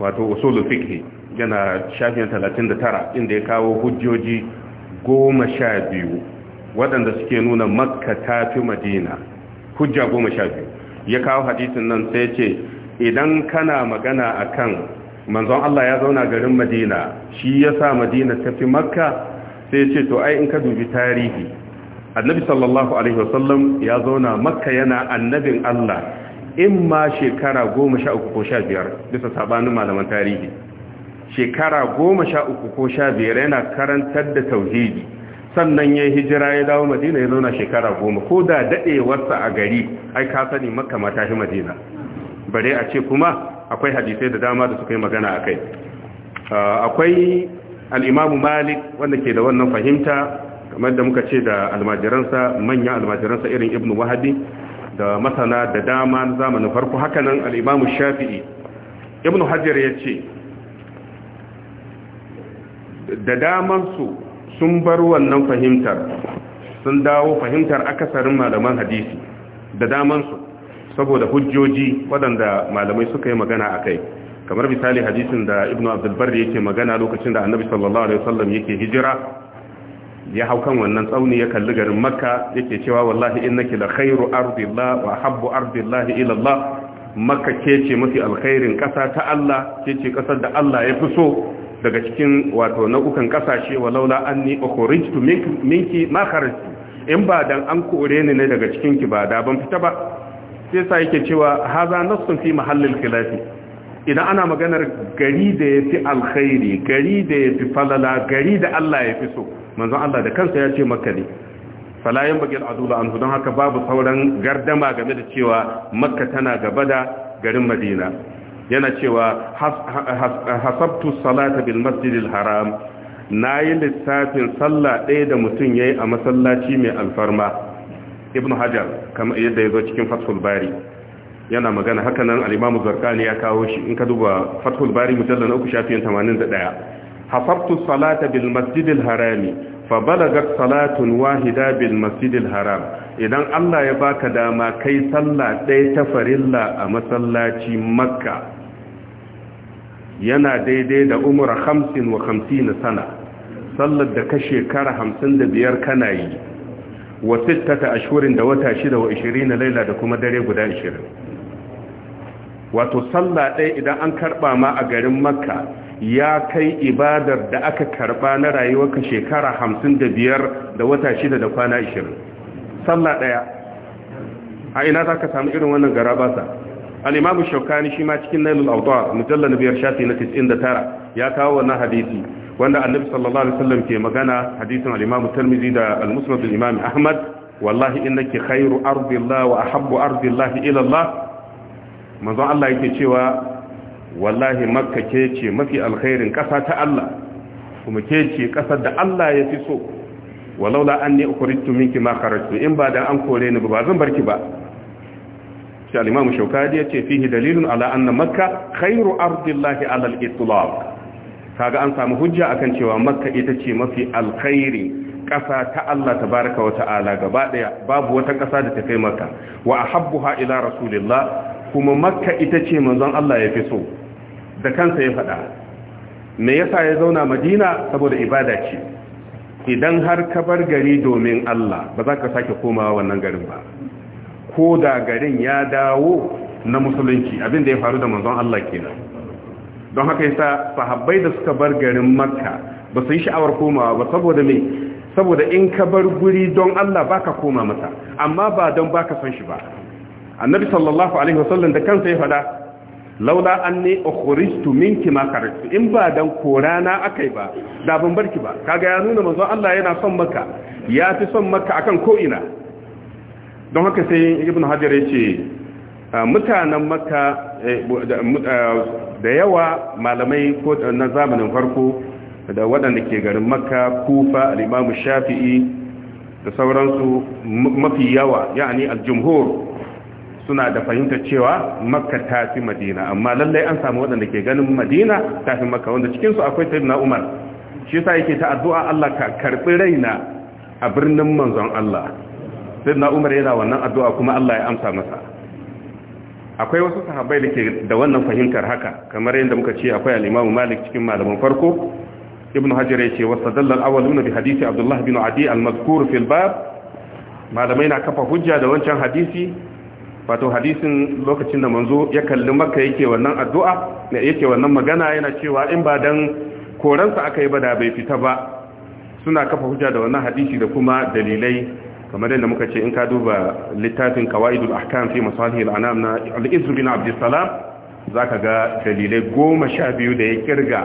wato usulul fikhi yana shafin 39 inda ya kawo hujjoji goma sha waɗanda suke nuna makka ta fi madina hujja goma sha biyu ya kawo hadisin nan sai ce idan kana magana akan manzon Allah ya zauna garin Madina shi ya sa Madina ta fi Makka sai ce to ai in ka dubi tarihi annabi sallallahu alaihi wasallam ya zauna Makka yana annabin Allah in ma shekara 13 ko 15 bisa sabanin malaman tarihi shekara 13 ko 15 yana karantar da tauhidi sannan ya hijira ya dawo Madina ya zauna shekara 10 ko da daɗewarsa a gari ai ka sani Makka ma ta Madina bare a ce kuma akwai hadisai da dama da suka yi magana a kai ah, akwai al'imamu malik wanda ke da wannan fahimta kamar da muka ce da almajiransa manyan almajiransa irin ibn wahadi da masana da dama na zamanin farko hakanan al'imamu shafi'i ibn hajjar ya ce da damansu sun bar wannan fahimtar sun dawo fahimtar akasarin malaman hadisi da damansu saboda hujjoji waɗanda malamai suka yi magana a kai kamar misali hadisin da ibnu abdulbar yake magana lokacin da annabi sallallahu alaihi wasallam yake hijira ya hau kan wannan tsauni ya kalli garin makka yake cewa wallahi innaki la khairu ardillah wa habbu ardillah ila allah makka ke ce mafi alkhairin kasa ta Allah ke ce kasar da Allah ya fi so daga cikin wato nau'ukan kasashe laula anni ukhrijtu minki ma kharajtu in ba dan an kore ni ne daga cikin ki ba da ban fita ba sai sa yake cewa haza nassun fi mahallil khilafi idan ana maganar gari da yafi alkhairi gari da yafi falala gari da Allah ya fi so manzon Allah da kansa ya ce makka ne fala yanbaghi al'adula anhu don haka babu sauran gardama game da cewa makka tana gaba da garin madina yana cewa hasabtu salata bil masjidil haram nayi lissafin sallah ɗaya da mutum yayi a masallaci mai alfarma ibn hajar kamar yadda ya zo cikin fathul bari yana magana haka nan al-imamu zarqani ya kawo shi in ka duba fathul bari mujallal na uku shafin 81 hafaftu salata bil masjidil harami fa balagat salatun wahida bil masjidil haram idan Allah ya baka dama kai sallah ɗaya ta farilla a masallaci makka yana daidai da umra 55 sana sallar da ka shekara 55 kana yi wa ta ashhurin da wata shida wa na laila da kuma dare guda 20 wato sallah ɗaya idan an karɓa ma a garin makka ya kai ibadar da aka karɓa na rayuwarka shekara hamsin da biyar da wata shida da kwana 20 sallah ɗaya a ina za ka samu irin wannan gara garabasa al-imamu shaukani shi ma cikin nailul auta mujallal biyar shafi na 99 ya kawo wannan hadisi wanda annabi sallallahu alaihi wasallam ke magana hadisin al-imam tirmidhi da al-musnad al-imam ahmad wallahi innaki khairu ardillah wa ahabbu ardillah ila Allah manzon Allah yake cewa wallahi makka ke ce mafi alkhairin kasa ta Allah kuma ke ce kasar da Allah ya fi so walaula anni ukhrijtu minki ma kharajtu in ba dan an kore ni ba zan barki ba shi al-imam shaukadi yace fihi dalilun ala anna makka khairu ardillahi ala al-itlaq kaga an samu hujja akan cewa makka ita ce mafi alkhairi ƙasa ta Allah tabaraka wa ta'ala gaba daya babu wata ƙasa da ta kai makka wa ahabbuha ila rasulillah kuma makka ita ce manzon Allah ya fi so da kansa ya faɗa me yasa ya zauna madina saboda ibada ce idan har ka bar gari domin Allah ba za ka sake komawa wannan garin ba ko da garin ya dawo na musulunci abin da ya faru da manzon Allah kenan don haka yasa sahabbai da suka bar garin makka ba su yi sha'awar komawa ba saboda me saboda in ka bar guri don Allah baka koma masa amma ba don baka son shi ba annabi sallallahu alaihi wasallam da kansa ya fada laula anni ukhrijtu minki ma karatu in ba dan korana akai ba da ban barki ba kaga ya nuna manzo Allah yana son maka ya fi son maka akan ko ina don haka sai ibnu hajar ya ce mutanen makka eh, eh, da yawa malamai ko na zamanin farko da waɗanda ke garin makka kufa al'imamu shafi'i da sauransu mafi yawa ya'ani aljumhur suna da fahimtar cewa makka ta fi madina amma lallai an samu waɗanda ke ganin madina ta fi makka wanda cikinsu akwai ta na umar shi sa yake ta addu'a Allah ka karɓi raina a birnin manzon Allah sai na umar yana wannan addu'a kuma Allah ya amsa masa akwai wasu sahabbai da ke da wannan fahimtar haka kamar yadda muka ce akwai al Malik cikin malaman farko Ibn Hajar ya ce wasu al-awwalun bi hadisi Abdullah bin Adi al-mazkur fil bab malamai na kafa hujja da wancan hadisi wato hadisin lokacin da manzo ya kalli Makka yake wannan addu'a yake wannan magana yana cewa in ba dan koransa aka yi ba da bai fita ba suna kafa hujja da wannan hadisi da kuma dalilai kamar yadda muka ce in ka duba littafin kawaidul ahkam fi masalihil anam na al-izr bin abdussalam zaka ga dalilai goma sha biyu da ya kirga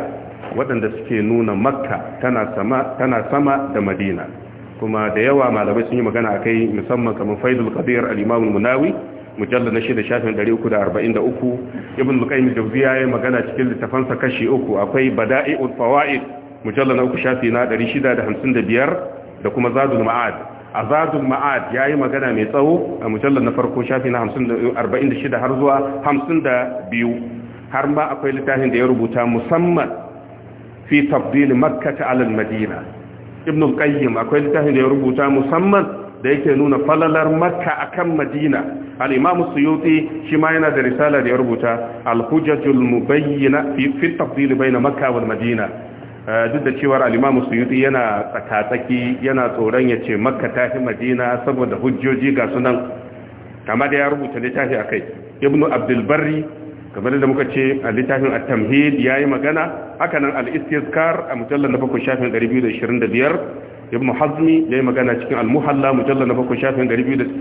waɗanda suke nuna makka tana sama tana sama da madina kuma da yawa malamai sun yi magana akai musamman kamar faidul qadir al-imam al-munawi mujallal na shida shafin 343 ibn al-qayyim jawziya ya magana cikin littafansa kashi uku akwai bada'i'ul fawaid mujallal na uku shafi na 655 da kuma zadul ma'ad azadul ma'ad ya yi magana mai tsawo a mujallar na farko shafi na 46 har zuwa 52 har ma akwai littafin da ya rubuta musamman fi makka ta alal madina ibn al-qayyim akwai littafin da ya rubuta musamman da yake nuna falalar makka akan madina al-imam suyuti shi ma yana da risala da ya rubuta al-hujjatul mubayyana fi tafdil bayna makka wal madina Eh, duk da cewar alimamu suyuti yana tsakatsaki yana tsoron ya ce makka ta fi madina saboda hujjoji ga sunan kama da ya rubuta littafi a kai ibnu abdulbari kamar da muka ce a littafin a tamhid yi magana hakanan nan al a mujallar na bakwai shafin 225 ibnu hazmi yayi magana cikin al-muhalla na shafin 279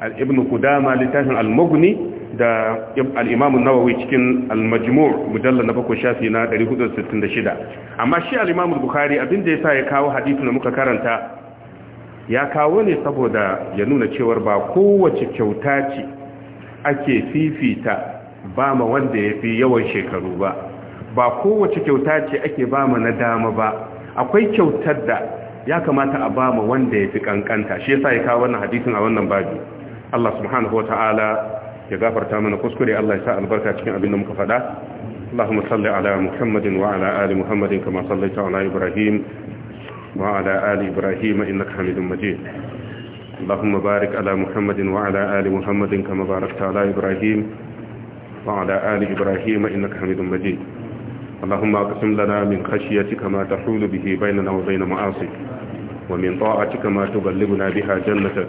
al-ibn kudama littafin al-mughni da al-imam an-nawawi cikin al-majmu' mujallal na bakwai shafi na 466 amma shi al-imam al-bukhari abin da yasa ya kawo hadisin da muka karanta ya kawo ne saboda ya nuna cewar ba kowace kyauta ce ake fifita ba ma wanda ya fi yawan shekaru ba ba kowace kyauta ce ake ba ma na dama ba akwai kyautar da ya kamata a ba ma wanda ya fi kankanta shi yasa ya kawo wannan hadisin a wannan babu Allah subhanahu wa ta'ala ya gafarta mana kuskure Allah ya sa albarka cikin abin da muka faɗa Allahumma salli ala Muhammadin wa ala ali Muhammadin kama sallaita ala Ibrahim wa ala ali Ibrahim innaka Hamidum Majid اللهم بارك على محمد وعلى آل محمد كما باركت على إبراهيم وعلى آل إبراهيم إنك حميد مجيد اللهم اقسم لنا من خشيتك ما تحول به بيننا وبين معاصيك ومن طاعتك ما تبلغنا بها جنتك